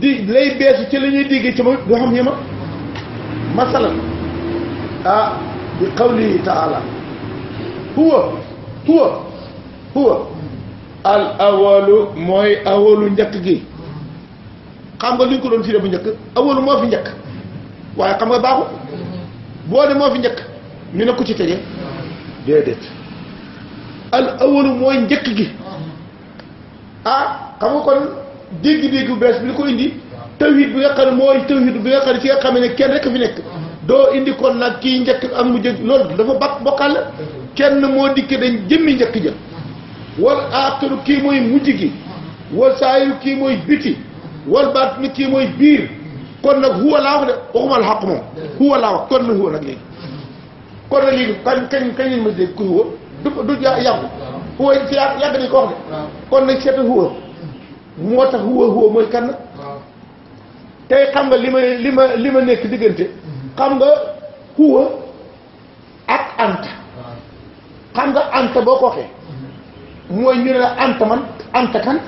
di lay beesu ci li ñuy digg ci moom du xam yemal masalan ah bi qawlihi taala huwa huwa huwa al awalu mooy awalu njëkk gi xam nga li ñu ko doon firé bu njëkk awalu moo fi njëkk waaye xam nga baaxu boo ne moo fi njëkk ñu ne ku ci tege déedéet al awalu mooy njëkk gi ah xam nga kon dégg-dégg bu bees bi li ko indi tawhid bi nga xam ne mooy tawhid bi nga xam ne ci nga xam ne kenn rek fi nekk doo indi kon nag ki njëkk ak mu jëkk loolu dafa bak bokkal kenn moo dikke dañ jëmmi njëkk jëm wal aaxiru kii mooy mujj gi wal saayiru kii mooy biti wal baatinu kii mooy biir kon nag huwa laa wax de waxuma la moom huwa laa wax kon nag léegi nag léegi ku huwa ko wax de kon nag seetal huwa moo tax huwa huwa mooy kan tey xam nga li ma li ma li ma nekk diggante xam nga huwa ak anta xam nga anta boo ko waxee mooy ñu ne la anta man anta kan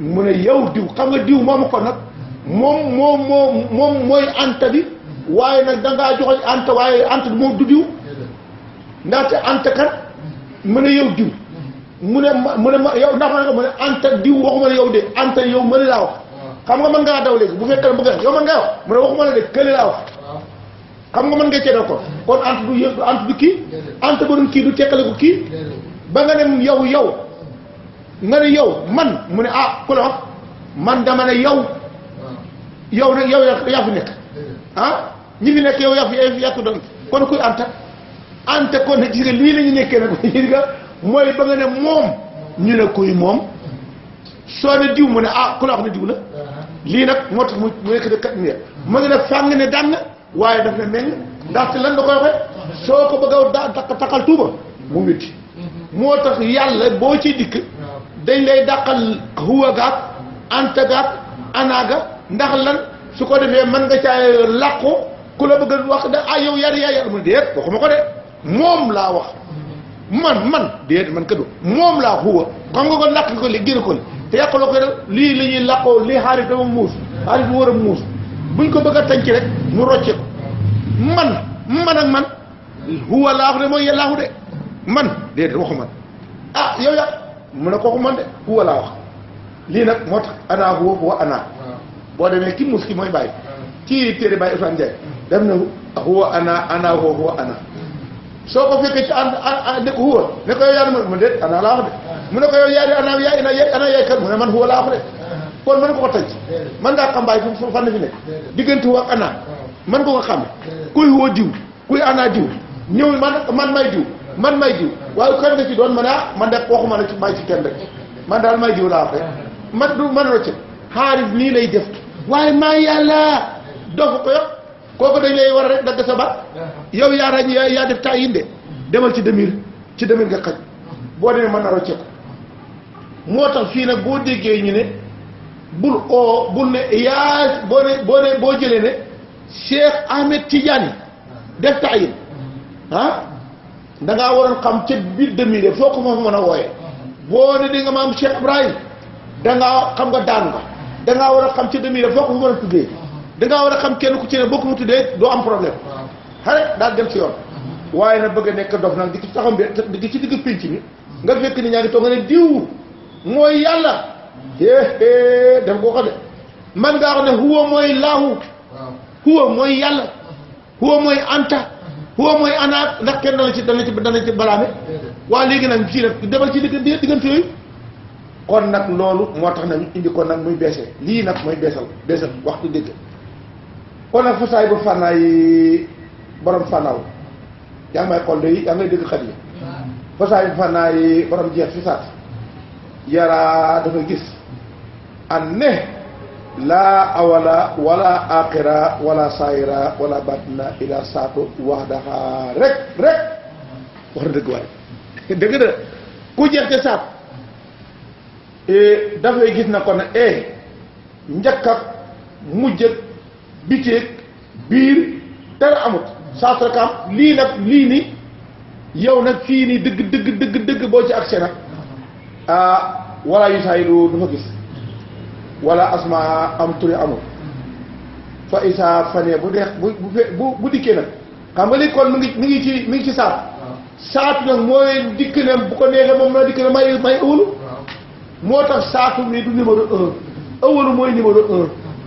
mu ne yow diw xam nga diw moomu ko nag moom moom moom moom mooy anta bi waaye nag dangaa joxoñ anta waaye anta bi moom du diw ndaxte ant kan mu ne yow diw mu ne ma mu ne ma yow ndax ma ne ko mu ne anta diw waxuma ne yow de anta yow mën laa wax xam nga mën ngaa daw léegi bu fekkee bëgg a yow mën ngaa wax mu ne waxuma la de kële laa wax xam nga mën nga cee d'accord kon ant du yë ant du kii ant ba doon kii du tekkale ko kii ba nga ne yow yow nga ne yow man mu ne ah ku la wax man dama ne yow yow nag yow yaa fi nekk ah ñi fi nekk yow yaa fi yaa fi doon kon kuy anta anta kon gis nga lii la ñu nekkee nag gis nga mooy ba nga ne moom ñu ne kuy moom soo ne diw mu ne ah ku la wax ne diw la lii nag moo tax mu mu nekk de kat miir mu ngi ne fàng ne dàng waaye daf ne meng ndaxte lan da koy waxee soo ko bëgg a da takkal tuuba mu witti moo tax yàlla boo ci dikk dañ lay dàqal huwa gaag anta gaag anaaga ndax lan su ko defee mën nga caay làqu ku la bëgg wax da ah yow yar yaa yar mu déet waxuma ko de moom laa wax man man déet man kaddu moom laa huwa xam nga ko làq ko li gën a ko te ko koy def lii lañuy ñuy làqoo lii xaalis dama muus bu war a muus buñ ko bëgg a tànc rek mu rocce ko man man ak man huwa laahu de mooy yàllaahu de man déedéet waxu man ah yow yàq mu ne kooku man de huwa laa wax lii nag moo tax ana huwa huwa ana ki muus ki mooy bàyyi soo ko fekkee ci ànd ànd nekk huwa ne ko yow yaa ma déet laa wax de mun ne ko yow yaay di ana yaay ana yaay ana yaay kan mu ne man huwa laa wax de kon mën nga ko diggante wu ak ana mën nga ko xam kuy woo diw kuy ana diw ñëw man man may diw man may diw waaye kan nga ci doon man ah man de waxuma ne ci may ci kenn rek man daal may diw laa wax de man du man la ci xaalis nii lay def waaye maa yàlla dofu ko yëpp kooku dañ war a rek dagg sa ba yow yaa rañ yaa def taa yinde demal ci demir ci demir nga xaj boo demee mën na rocceeku moo tax fii nag boo déggee ñu ne bul oo bul ne yaa boo ne boo ne boo jëlee ne Cheikh Ahmed Tidiane def taayin ah da ngaa waroon xam ca biir demi de foo ko fa mën a wooyee boo ne di ma maam Cheikh Ibrahim da ngaa xam nga daan nga da ngaa war a xam ca demi de foo ko fa mën a tuddee da ngaa war a xam kenn ku ci ne boo ko mu tuddee doo am problème xare daal dem ci yoon waaye na bëgg a nekk dof nag di ci taxaw di ci digg pinc mi nga fekk ni ñaa ngi ne diw. mooy yàlla éé eh, eh, daf ko wax de man ngaa wax ne huwa mooy laahu huwa mooy yàlla huwa mooy anta huwa mooy anaat ndax kenn dana ci dana ci dana ci balaame waa léegi nag ci def demal ci digg diggante yooyu kon nag loolu moo tax nag indi ko nag muy beesee lii nag mooy beesal beesal waxtu dégg kon nag fasaay bu fànnaay borom fànnaaw yaa ngi may xool day yaa ngay dégg xat yi bu fànnaay borom jeex fi saat yaraa dafa gis an ne laa awala wala aqira wala saayira wala batina ila saatu wax daxaa rek rek wax na dëgg waay dëgg da ku jeex te saat e, dafay gis na ko ne e njëkk ak mujj biir dara amut saat rek am lii nag lii ni yow nag fii nii dëgg dëgg dëgg dëgg boo ci accès nag ah wala yu saayilu du fa gis wala asma am turi amul fa isa fane bu dee bu bu bu dikkee nag xam nga li kon mi ngi mu ngi ci mu ngi ci saat saatu nag mooy dikk ne bu ko neexee moom na dikk ne may may ëwalu moo tax saatu ni du numéro un ëwalu mooy numéro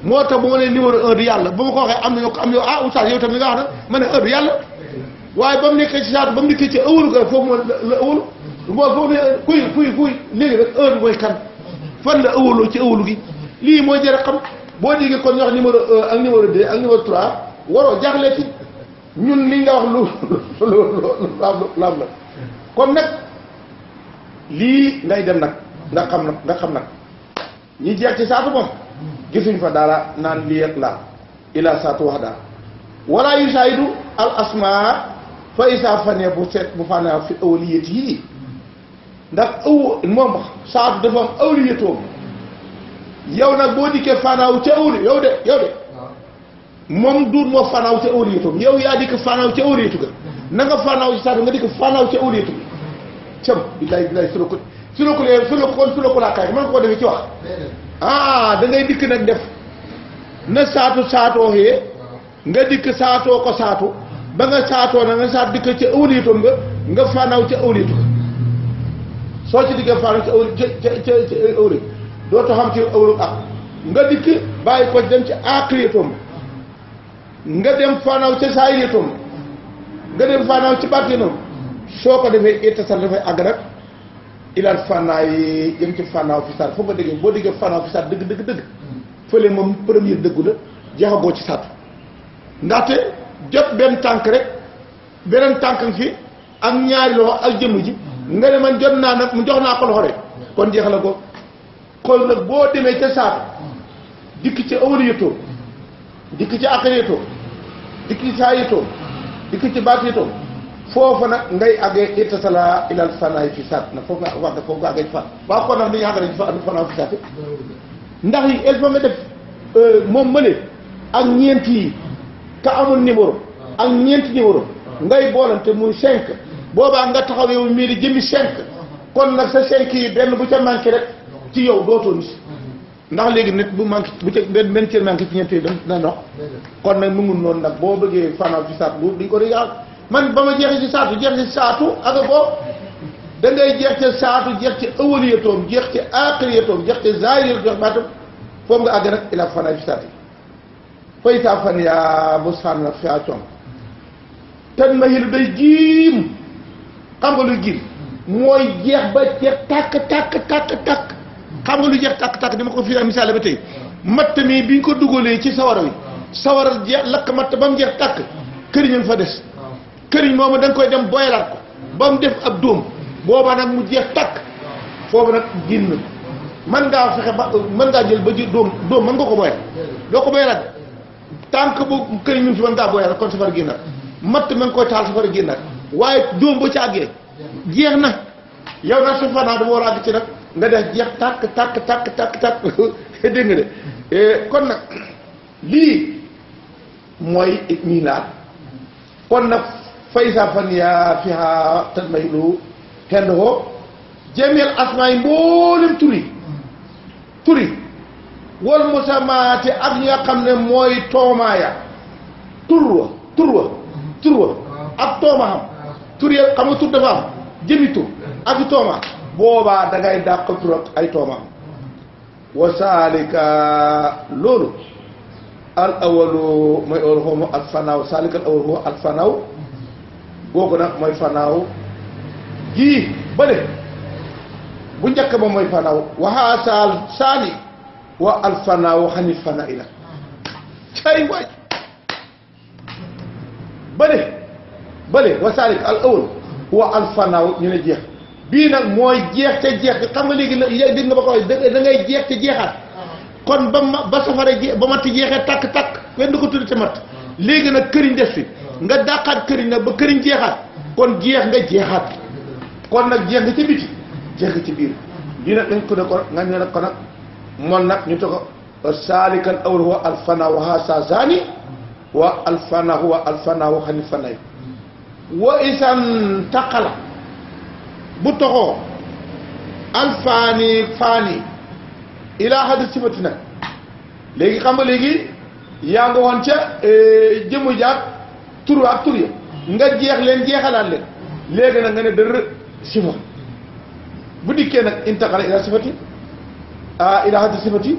moo tax ba ma ne numéro un du yàlla ba ma ko waxee am na ñoo ko am na ah oustaz yow tamit nga wax na ma ne un du yàlla waaye ba mu nekkee ci saatu ba mu dikkee ci ëwalu ga foofu ma la ëwalu moo foog ne eh, kuy kuy kuy léegi rek heure bi mooy kan fan la ëwaloo ci ëwalu gi lii mooy jëre xam boo déggee kon ñu wax numéro un euh, ak numéro deux ak numéro trois waroo jaaxle ci ñun li nga wax lu lu laam la kon nag lii ngay dem nag nga xam nag nga xam nag ñi jeex ci saatu moom gisuñ fa dara naan lii ak laa ilaa saatu wax daal wala yu saayidu al asma fa isaa fanee bu seet bu fànnaa fi awliyat yii ndax aw moom saatu dafa am awliyatoom yow nak bo dikkee fanaw ci awli yow de yow de moom duut moo fanaaw ca awliyatoom yow ya dikk fanaw ci awliyatu ga na nga fanaw ci saatu nga dikk fanaw ci awliyatu ga cam billahi billaay su la ko su la ko lee su ko su la ko laakaay mën nga ko defee ci wax ah da ngay dikk nak def na saatu saato he nga dikk saato ko saatu ba nga saato na nga saat dikk ca awliyatoom nga nga fanaw ci awliyatu ga soo ci diggee faru ci awri ci ci ci awri dootoo xam ci awrum ak nga dikk bàyyi ko dem ci aaxiriyatum nga dem faanaw ci saayiriyatum nga dem faanaw ci bàttinam soo ko defee ittasar dafay àgg nag ilaal fànnaa yi jëm ci fànnaaw fi saat foog nga déggee boo déggee fànnaaw fi saat dëgg dëgg dëgg fële moom premier dëggu jeexagoo ci saat ndaxte jot benn tànk rek beneen tànk fi ak ñaari loxo ak jëmm ji nga ne man jot naa nag mu jox naa xol xore kon jeexal ko xol nag boo demee ca saako dikk ci awliyatoo dikk ci akariyatoo dikk ci saayatoo dikk ci baatiyatoo foofa nag ngay àggee ittasala ilal fanaay fi saat nag foofu nga wax foofu nga àggee fa waaw kon nag ni ñu àgg nañ fa fanaa fi saat ndax yi il faut def euh, moom mëne ak ñeent yi ka amul numéro ak ñeenti numéro ngay boolante muy cinq boobaa nga taxaw yow mii di jëmi cinq kon nag sa cinq yi benn bu ca manqué rek ci yow dootoo gis ndax léegi nit bu manqué bu ca benn benn cër manqué ci ñett yi na dox kon nag mu ngi noonu nag boo bëggee fanaaw ci saatu boobu dañ ko régal man ba ma jeexee ci saatu jeex ci saatu ak boo da ngay jeex ci saatu jeex ci awaliyatoom jeex ci aaxiriyatoom jeex ci zaahiriyatoom baatam foofu nga àgg nag ila fanaaw ci saatu fay saa fan yaa bu sànn fiyaa ten ma hilu day jiim xam nga luy giir mooy jeex ba jeex tàkk tàkk tàkk tàkk xam nga lu jeex tàkk tàkk dama ko fi misaale ba tey matt mi bi ko dugalee ci sawara wi sawara jeex lakk matt ba mu jeex tàkk këriñ nga fa des këriñ moom da nga koy dem boyalaat ko ba mu def ab dóom boobaa nag mu jeex tàkk foofu nag génn ko mën ngaa fexe ba mën ngaa jël ba ji dóom mën nga ko doo ko boyalaat tànk bu këriñ ñu fi mën ngaa boyalaat kon safara génnaat matt ma nga koy taal safara génnaat waaye dóom bu ci jeex na yow nag suñ fanaa du war ci nag nga def jeex tàkk tàkk tàkk tàkk tàkk eh, kon nag lii mooy mii naat kon nag fay sa fan yaa fi haa tan may lu xend hoo jameel asmaa yi mboolem turi turi wal musamaati ak ñi nga xam ne mooy toomaaya turwa turwa turwa mm-hmm. ak tooma xam tur yëpp xam nga tur dafa tooma boobaa da ngay dàq tur ak ay tooma wa saalika loolu al awalu mooy awalu xoomu ak fanaaw saalika al awalu xoomu ak fanaaw googu mooy fanaaw jii bële bu njëkk ba mooy fanaaw waxaa saal saali wa al fanaaw xanit fana i la cay waay bële bale wasalik al awl wa al fanaaw ñu ne jeex bi nak moy jeex te jeex xam nga léegi nag dig nga ba ko da ngay jeex te jeexaat kon ba ba safara jeex ba mat jeexee tak tak kenn du ko tudd ci mat léegi nak këriñ def fi nga daqat këriñ na ba këriñ jeexaat kon jeex nga jeexaat kon nak jeex ci biti jeex ci biir bii nak dañ ko ko nga ne nag ko nak mon nak ñu toko salikal awal wa al wa hasa zani wa al fana wa al fanaaw xani fanaaw wa isan taqala bu toxoo alfaani faani ilaa xaddi sifati nag léegi xam nga léegi yaa nga ca e, jëmm jaag tur ak nga jeex leen jeexalaat leen léegi nag nga dër sifa bu dikkee nag intaqala ilaa ilaa xaddi sifati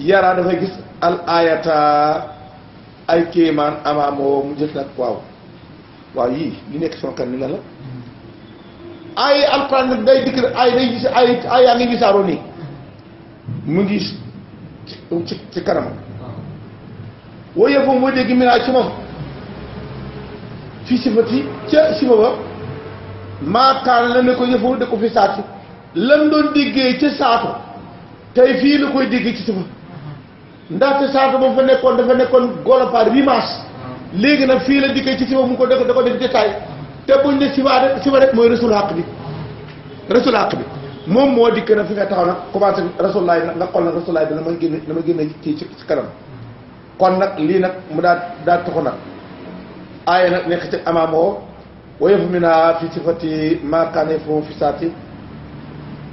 yaraa dafay gis al ayata ay kéemaan amaamoo mu jël nag waaw waaw yii li nekk sama kan ni lan la ay alquran nag day dikk ay day gis ay ay yaa ngi gisaaroo nii mu ngi ci ci kanam woo yëpp mooy dégg minaay ci moom fii sifati ca sifa ba maakaan la ne ko yëfu da ko fi saati lan doon déggee ca saatu tey fii la koy déggee ci sifa ndaxte saatu ba fa nekkoon dafa nekkoon golopaar bi maas léegi nag fii la dikkee ci siba mu ko da ko def détail te buñ ne siba rek siba mooy rasul xaq bi rasul xaq bi moom moo dikk na fi nga taxaw nag commencé rasulaay nag nga xool nag rasulaay bi na ma génne na ma génne ci ci kanam kon nag lii nag mu daal daal taxu nag aaya nag nekk ci amaamoo wa yëfu mi naa fi sifati maakaane fu fi saati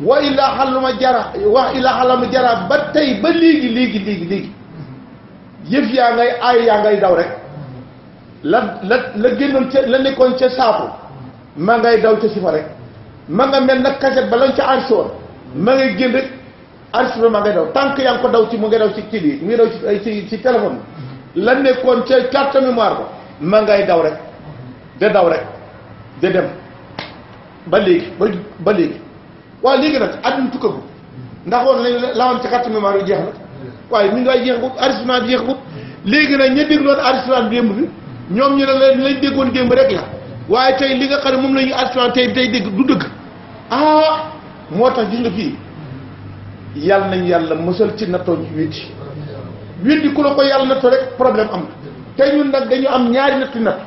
wax illaa xaluma jara wax illaa xaluma jara ba tey ba léegi léegi léegi léegi yëf yaa ngay aay daw rek la la la génnoon ca la nekkoon ca saako ma ngay daw ca sifa rek ma nga mel nag kaset ba lañ ca arsoon ma ngay génn rek arsi ba ngay daw tànk yaa ngi ko daw ci mu ngay daw ci kii bi mu ngi daw ci ci ci téléphone la nekkoon ca carte mémoire ba ma ngay daw rek de daw rek de dem ba léegi ba ba léegi waaw léegi nag àdduna tukkagu ndax woon lañ la woon ca carte mémoire yu jeex na waaye mi ngi waay jeex boobu arrêtement bi jeex boobu léegi nag ña dégloon arrêtement bi yëmb bi ñoom ñu ne la lañ déggoon démb rek la waaye tey li nga xam ne moom la ñu askan tey dégg du dëgg ah moo tax gis nga fii yàlla nañ yàlla mësal ci nattoo ñu witti witti ku la ko yàlla nattoo rek problème am na tey ñun nag dañu am ñaari natt natt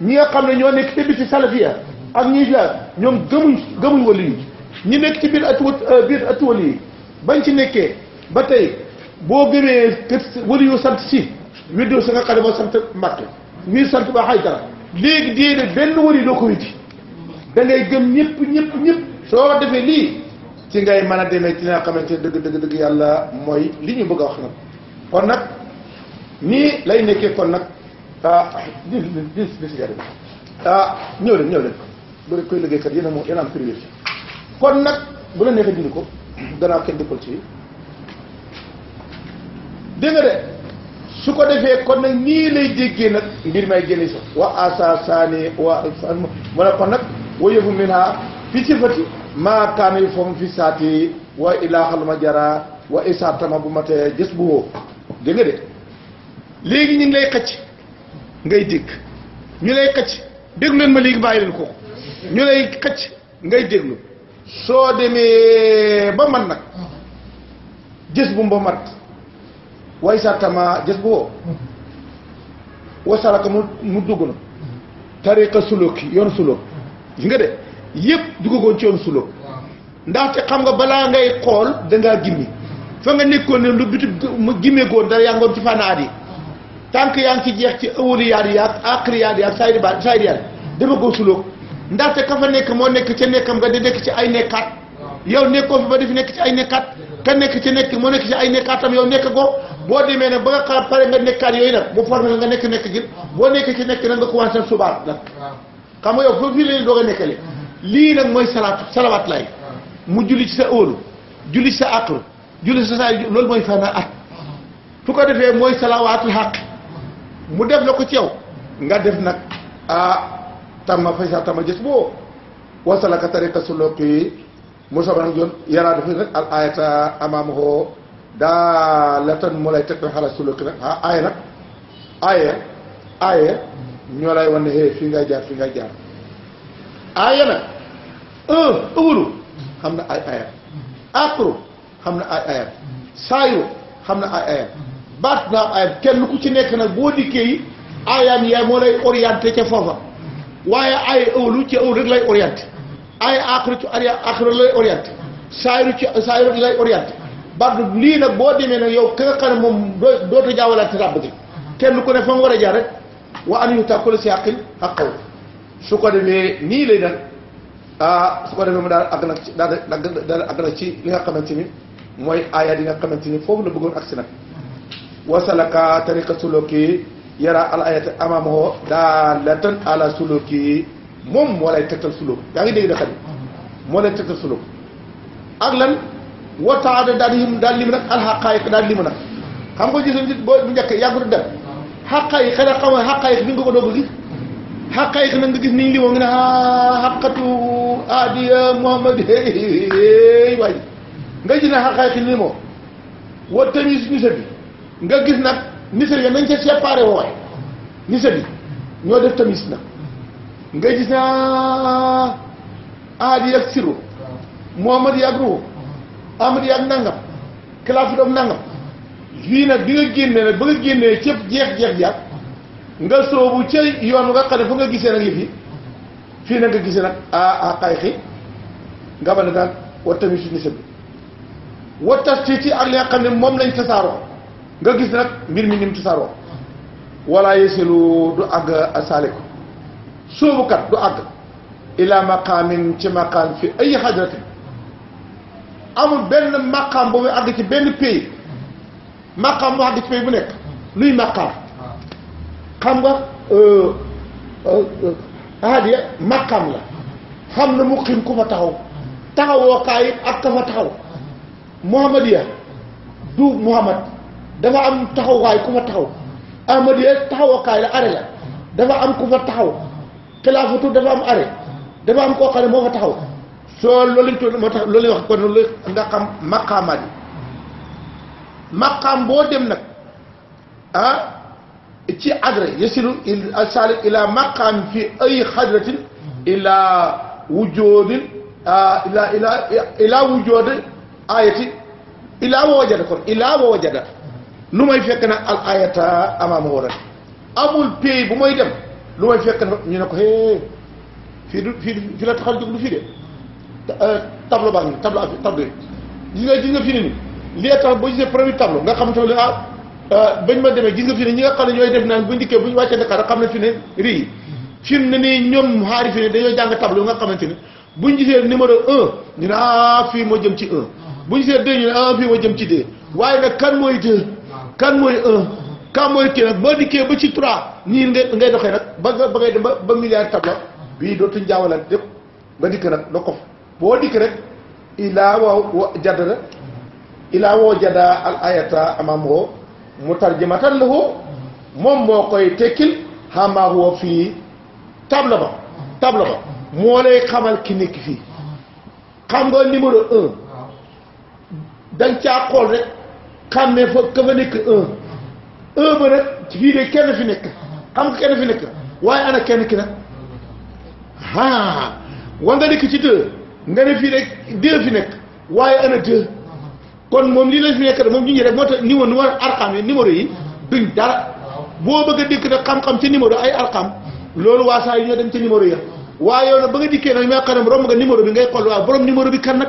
ñi nga xam ne ñoo nekk ci biir ci salafiya ak ñuy jaar ñoom gëmuñ gëmuñ wala yi ñi nekk ci biir at euh, biir at wala yi bañ ci nekkee ba tey boo gëmee kër wala yoo sant si witti sa nga xam ne moo sant Mbàkke ñuy sant ba xaykara léegi diine benn wari doo ko witi da ngay gëm ñëpp ñëpp ñëpp soo defee lii ci ngay mën a demee ci nga xamante ne dëgg dëgg dëgg yàlla mooy li ñu bëgg a wax nag kon nag nii lay nekkee kon nag ah dis dis ah, ñëw leen ñëw leen bu rek koy liggéeykat yéen a moom yéen am privé kon nag bu la neexee dindi ko gannaaw kenn dëkkal ci dégg nga de su ko defee kon nag nii lay déggee nag mbir may génne sax wa asaasaani wa mu ne kon nag wayefu min ha fi sifati maa kaana yu fomm fi saati wa ilaaxal ma jaraa wa isaatama bu ma tee gis bu woo dégg de léegi ñu ngi lay xëcc ngay dégg ñu lay xëcc déglu leen ma léegi bàyyi leen ko ñu lay xëcc ngay déglu soo demee ba man nag gis bu mba mat way waysatama jasbo o wa salaka mu mu dugg na tariqa suluk yoon suluk gis nga de yépp duggagoon ci yoon suluk ndaxte xam nga balaa ngay xool dangaa gimmi fa nga nekkoon ne lu bitu mu gimmeegoon dara yaa ngoon ci fànn aat yi tànk yaa ngi ci jeex ci ëwali yaat yaag aqri yaat yaag sayri ba sayri yaat demagoo suluk ndaxte ka fa nekk moo nekk ca nekkam nga di nekk ci ay nekkaat yow nekkoo fi ba di fi nekk ci ay nekkaat ka nekk ci nekk moo nekk ci ay nekkaatam yow nekk ko boo demee nag ba nga xalaat pare nga nekkaat yooyu nag mu formé nga nekk nekk gi boo nekk ci nekk nag nga commencé subaat nag xam nga yow foofu la ñu doog a nekkale mm-hmm. lii nag mooy salaat salawaat lay mu julli ci sa óolu julli sa àqlu julli sa loolu mooy fana at mm-hmm. su ko defee mooy salawaatul xaq mm-hmm. mu def la ko ci yow nga def nag ah tama fay sa tama gës boo wasalaka tariqa suluki mu sobran yoon yaraa dafa nag al ayata amaamahoo daalatan moo lay teg xalaat su lëkk nag ah aaya nag aaya aaya ñoo lay wan ne hee fii ngay jaar fii ngay jaar xam na ay aaya xam na ay aaya saayu xam na ay aaya baat na am kenn ku ci nekk nag boo dikkee ya aayaam yaay moo lay orienté ca foofa waaye aaya awalu ci awalu rek lay orienté aaya aqru ci aaya aqru lay orienté ci saayu rek lay orienté bardu lii nag boo demee nag yow ka nga xam ne moom dootu jaawalaat ci ràbb gi kenn ku ne fa mu war a jaar rek wa an yuta kullu si àqin ak xaw su ko demee nii lay def ah su daal àgg nag ci ci li nga xamante ni mooy aayaat yi nga xamante ni foofu la bëggoon agsi nag wasalaka tariqa suluki yara al ayata amaamahu daalatan ala suluki moom moo lay tegtal suluk yaa ngi dégg mm-hmm. moo lay wataada daal di lim daal lim nag al xaqaayiq daal lim nag xam nga gisoon nit boo bu njëkk yàggut dem xaqaayiq xanaa xam nga xaqaayiq bi nga ko doog a gis xaqaayiq nag nga gis niñ li moo ngi ne xaqatu adiya Muhammad waay nga gis ne xaqaayiq li moo wa tamis nisa bi nga gis nag nisa bi nañ ca séparé woo waay nisa bi ñoo def tamis nag nga gis na adiya ak siro Muhammad yàgg Amady ak nangam classe bi nangam lii nag bi nga génnee nag ba nga génnee cëpp jeex jeex jàpp nga soobu ca yoon nga xam ne fu nga gisee nag yëf yi nag nga gisee nag a ah, ah, xay xi nga ba ne daal ci ci nga ne moom lañ tasaaroo nga gis nag mbir mi ni mu tasaaroo wala yesilu du àgg saaliku soobukat du àgg ila maqaamin ci maqaam fi ay xajratin amul benn maqaam boobu àgg ci benn pays maqam bu àgg ci pays bu nekk luy maqaam xam nga haadiya euh, euh, euh, maqaam la xam na muqim ku fa taxaw taxawookaay ak ka fa taxaw muhammadiya du muhammad dafa am taxawaay ku fa taxaw ahmadiya taxawookaay la are la dafa am ku fa taxaw xilaafatu dafa am are dafa am koo xam ne moo fa taxaw soo loolu lañ toll moo tax loolu lañ wax boo dem nag ah ci adre yasiru saali ila maqaam fi ay xadratin ila wujoodin ah, ila ila ila wujoodi ayati ilaa wa wajada kon ilaa wa wajada dem lu may fekk ñu ne ko hee fi la taxal jóg du fii Euh, tableau baa ngi nii tableau ak tableau yi gis nga gis nga fi ne nii li tax boo gisee premier ah, euh, ma demee gis nga fi ñi nga xam ne ñooy def naan buñ dikkee buñ wàccee Dakar xam ne fi ne rii fi mu ne nii ñoom xaari fi ne dañoo jàng nga xamante ne buñ gisee numéro un ñu ne ah moo jëm ci un buñ gisee deux ñu ne ah fii moo jëm ci deux waaye nag kan mooy deux kan mooy un kan mooy kii nag boo dikkee ba ci trois ñii ngay ngay doxee nag ba nga ba ngay dem ba ba milliard tableau bii dootuñ jaawalan lépp nga dikk nag lo kof boo dikk rek ilaa wa jadda ilaa woo jadda al ayata amam woo mu tarjimatan lahu moom moo koy tekkil xamaa woo fii table ba table ba moo lay xamal ki nekk fii xam nga numéro un danga caa xool rek xam ne fa ka fa nekk un un ba nag fii de kenn fi nekk xam nga kenn fi nekk waaye ana kenn ki nag haa war nga nekk ci deux nga ne fii rek deux fi nekk waaye ana deux kon moom lii la fi nekk moom ñu rek moo tax numéro a arqam yi numéro yi duñ dara boo bëgg a dikk nag xam-xam ci numéro ay arqam loolu waa saa yi ñoo dem ci numéro ya waaye yow ba nga dikkee nag ne romb nga numéro bi ngay xool waaw borom numéro bi kan nag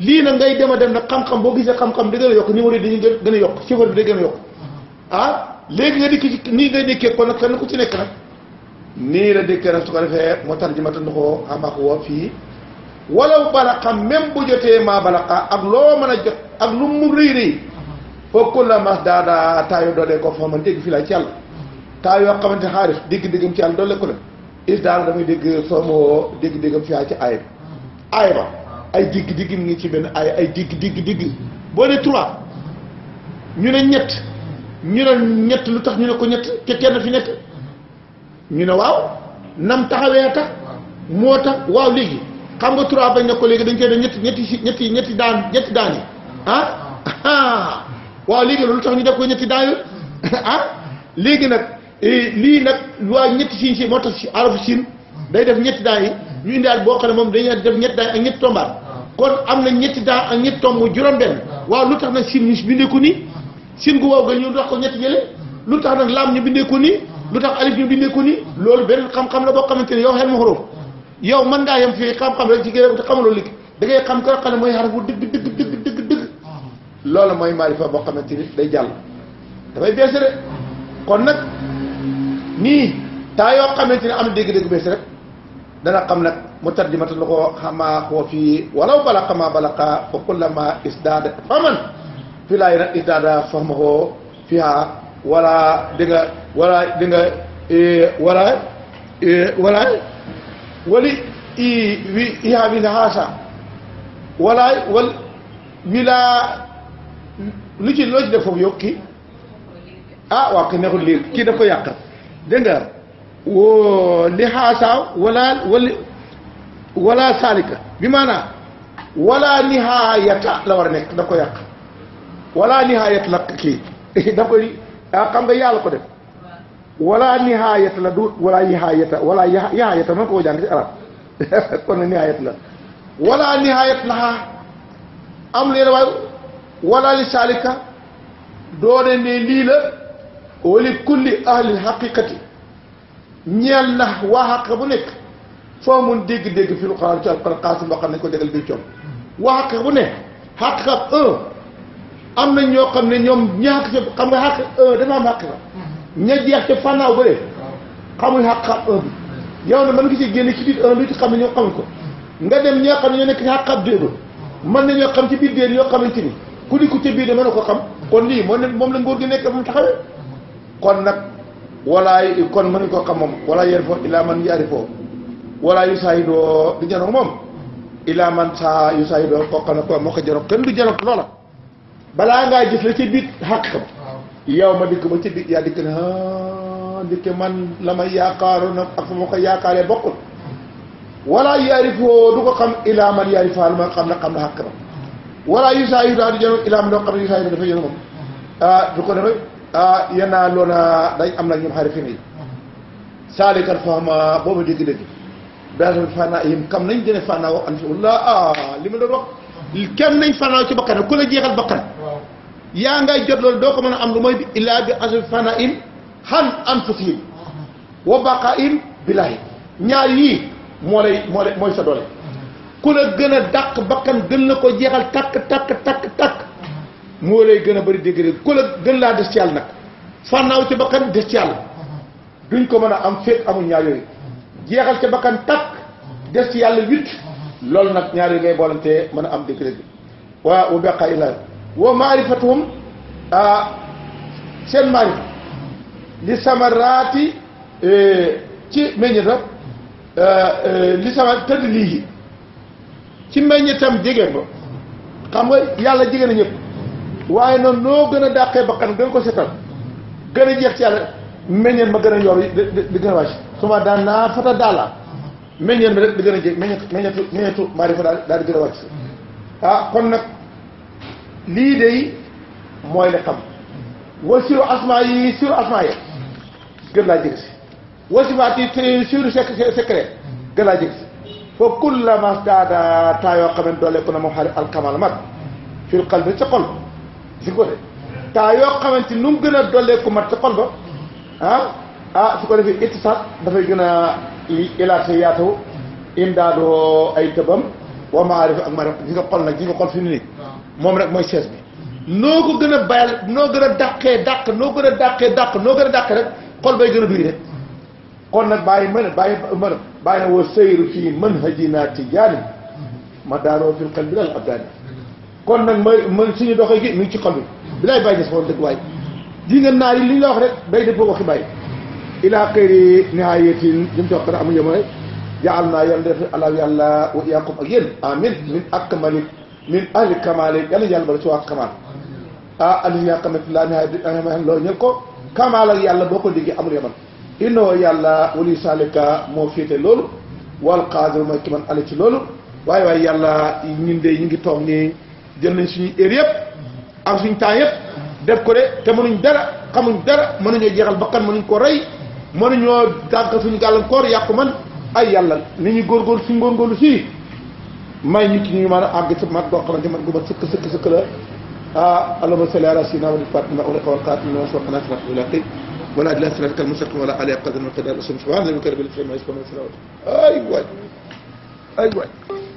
lii dem a dem nag xam-xam boo gisee xam-xam gën a yokk numéro yi dañuy gën a yokk chiffre bi day gën a yokk ah léegi nga dikk ci nii ngay dikkee kon nag kenn ku ci nekk nag nii la dikkee nag su ko defee moo tax ji ma tënd ko amaak woo fii walaw balaqa même bu jotee maa balaqa ak loo mën a jot ak lu mu rëy rëy foofu la mas daadaa taa yoo ko fa man dégg fi laay ci yàlla taa yoo xamante xaaris dégg-déggam ci yàlla doolee ko la is daal damay dégg soo moo dégg-déggam fi ci ay ba aay ba ay digg-digg mi ngi ci benn ay ay digg-digg-digg boo ne trois ñu ne ñett ñu ne ñett lu tax ñu ne ko ñett te kenn fi nekk ñu ne waaw nam taxawee tax moo tax waaw léegi xam nga trois bañ ne ko léegi dañ koy def ñetti ñetti si ñetti ñetti daan ñetti daan yi ah, ah? waaw léegi lu tax ñu def ko ñetti daan yi ah léegi nag eh, lii nag waa ñetti siin si moo tax si arafu siin day ñetti daan yi ñu indiwaat boo xam ne moom dañuy def ñetti daan ak ñetti tombaat kon am na ñetti daan ak ñetti tomb juróom-benn waaw lu tax nag siin ñu bindee ko nii siin gu wow ga ñu dox ko ñetti yële lu tax nag laam ñu bindee ko nii lu tax alif ñu bindee ko nii loolu benn xam-xam la boo xamante ne yow xel ma xorof yow mën ngaa yem fii xam-xam rek ci gën a xamuloo liggéey da ngay xam ko xam ne mooy xaraf bu dëgg dëgg dëgg dëgg loolu mooy maarifa boo xamante ni day jàll dafay bees rek kon nag nii taa yoo xamante ne am dégg-dégg bees rek dana xam nag mu tarjimata la ko xamaa xoo fii walaw balaqa maa balaqa fa kullama isdaada faman fii laa yéen a isdaada fahmahu fiha wala di nga wala di eh, eh, wali i wi ihamin haasa wala wila lu ci loo ci def foofu yokki ah waaw ki neexul lii kii daf ko yàq dégg nga woo li haasa wala wali wala saalika bi maanaa wala nihaayata la war a nekk daf ko yàq wala nihaayat la kii daf koy ah xam nga yàlla ko def wala nihaayata la du wala yihaayata wala yihaayata man koo jàng ci arab kon nihaayat la wala nihaayat laha am leen waaye wala li saalika doone ne lii la wali kulli ahli xaqiqati ñeel na waa xaqiqa bu nekk foo mun dégg-dégg fi lu xalaat ci alquran xaasim waxal nañ ko dégal bi coom waa xaqiqa bu nekk am na ñoo xam ne ñoom ñi xaqiqa xam nga xaqiqa un ña jeex ca fànnaaw bële xamuñ xaq xam un bi yow na mën nga ci génne ci biir un ci xam ne ñoo xamuñ ko nga dem ñoo xam ne ñoo nekk ci xaq xam deux na ñoo xam ci biir déen yoo xamante ni ku di ko ca biir de mën na koo xam kon lii moo ne moom la nguur gi nekk moom taxawee kon nag walaay kon ne koo xam moom walla yéen foofu illaa man yaari foofu walaa yu saa yi doo di janoog moom illaa man saa yu saa yi doo koo xam ne koo moo ko janoog kenn du janoog loola balaa ngaa jëf la ca biir xàq xam yow ma dikk ba ci di yaa dikk ne ah ndeke man la ma yaakaaroon ak fa ma ko yaakaaree bokkul wala yaarif woo du ko xam ilaa man yaarifaal ma xam na xam na xàq na wala yu saa yu daal di jëloon ilaa man doo xam ne yu saa yu dafa jëloon ah du ko defee ah yéen a loolu dañ am na ñoom xarifin yi saalikal fahma boo ma dégg-dégg daal tamit fànnaa yim kam nañ gën a fànnaa wa an fi wala ah li ma doon wax kenn nañ fànnaa ci bakkan ku la jeexal bakkan. yaa ngay jot loolu doo ko mën a am lu mooy illaa bi asbi fana in xan anfusihim wa baqa in bilaay ñaar yii moo lay moo lay mooy sa doole ku la gën a dàq bakkan gën la ko jeexal takk takk takk takk moo lay gën a bëri dégg ku la gën laa des ci yàlla nag fànnaaw ci bakkan des ci yàlla duñ ko mën a am féeg amul ñaar yooyu jeexal ci bakkan takk des ci yàlla witt loolu nag ñaar yi ngay boolantee mën a am dégg-dégg waa wa baqa wa maarifatuhum seen maarifa li samaraati e, ci meññita e, e, li sama tëdd lii ci meññitam jigéen ba xam nga yàlla jigéen a ñëpp waaye noonu noo gën a dàqee bakkan gën ko setal gën a jeex ci yàlla meññeen ma gën a yor di gën a wàcc suma daan naa fata daala meññeen ma rek di gën a jéeg meññetu meññetu maarifa daal di gën a wàcc ah kon nag lii day mooy la xam wa siru asmaa yi siru asmaa yi gën laa jege si wa sifaat yi siru secret gën laa jege si fa kulla mastaada taa yoo xam ne doole ko na moom xarit alkamal mat fil qalbi ca xol si ko de taa yoo xamante nu mu gën a dolleeku mat ca xol ba ah ah su ko defee ittisaat dafay gën a ilaat sa yaataw indaadoo ay tëbam wa maarif ak maarif gis nga xol nag gis nga xol fi mu nii moom rek mooy chaise bi noo ko gën a bayal noo gën a dàqee dàq noo gën a dàqee dàq noo gën a dàqee rek xol bay gën a duy de kon nag bàyyi mën bàyyi mën bàyyi na wa sayru fii manhajina tijaani ma daaroo fil qalbi lal abdaani kon nag mooy mën suñu doxee gi mu ngi ci xol bi bilaay bàyyi ñes xoon dëgg waay di nga naar yi li ñu la wax rek bay dëppoo waxi bàyyi ilaa xëyri nihayatin jëm ci waxtaan amu yemale jaal naa yàlla def alaw yàlla wa iyaakum ak yéen amin min akmali min ahli kamal yi yàlla yàlla ci waa kamal ah ali nga xamante laa nihaay loo ñël ko kamal ak yàlla boo ko déggee amul yaman innoo yàlla wali salika moo féete loolu wal qaadir mooy ki man ale ci loolu waaye waaye yàlla ñun de ñu ngi toog nii jël nañ suñuy heure yëpp ak suñu temps yëpp def ko de te mënuñ dara xamuñ dara mënuñoo jeexal bakkan mënuñ ko rey mënuñoo dànk suñu gàllankoor yàqu man ay yàlla ni ñu góorgóorlu suñu góorgóorlu sii may ñu ci ñu mën a àgg ci mat goo xamante mat gu mat sëkk sëkk sëkk la ah allahumma salli ala sayyidina wa fatima wa laqa wal qatim wa sawqana fi rahmatil laqi ولا أدلى سلفك المستقيم ولا علي قدر من قدر الأسلم سبحان ذلك رب العالمين أي واي أي واي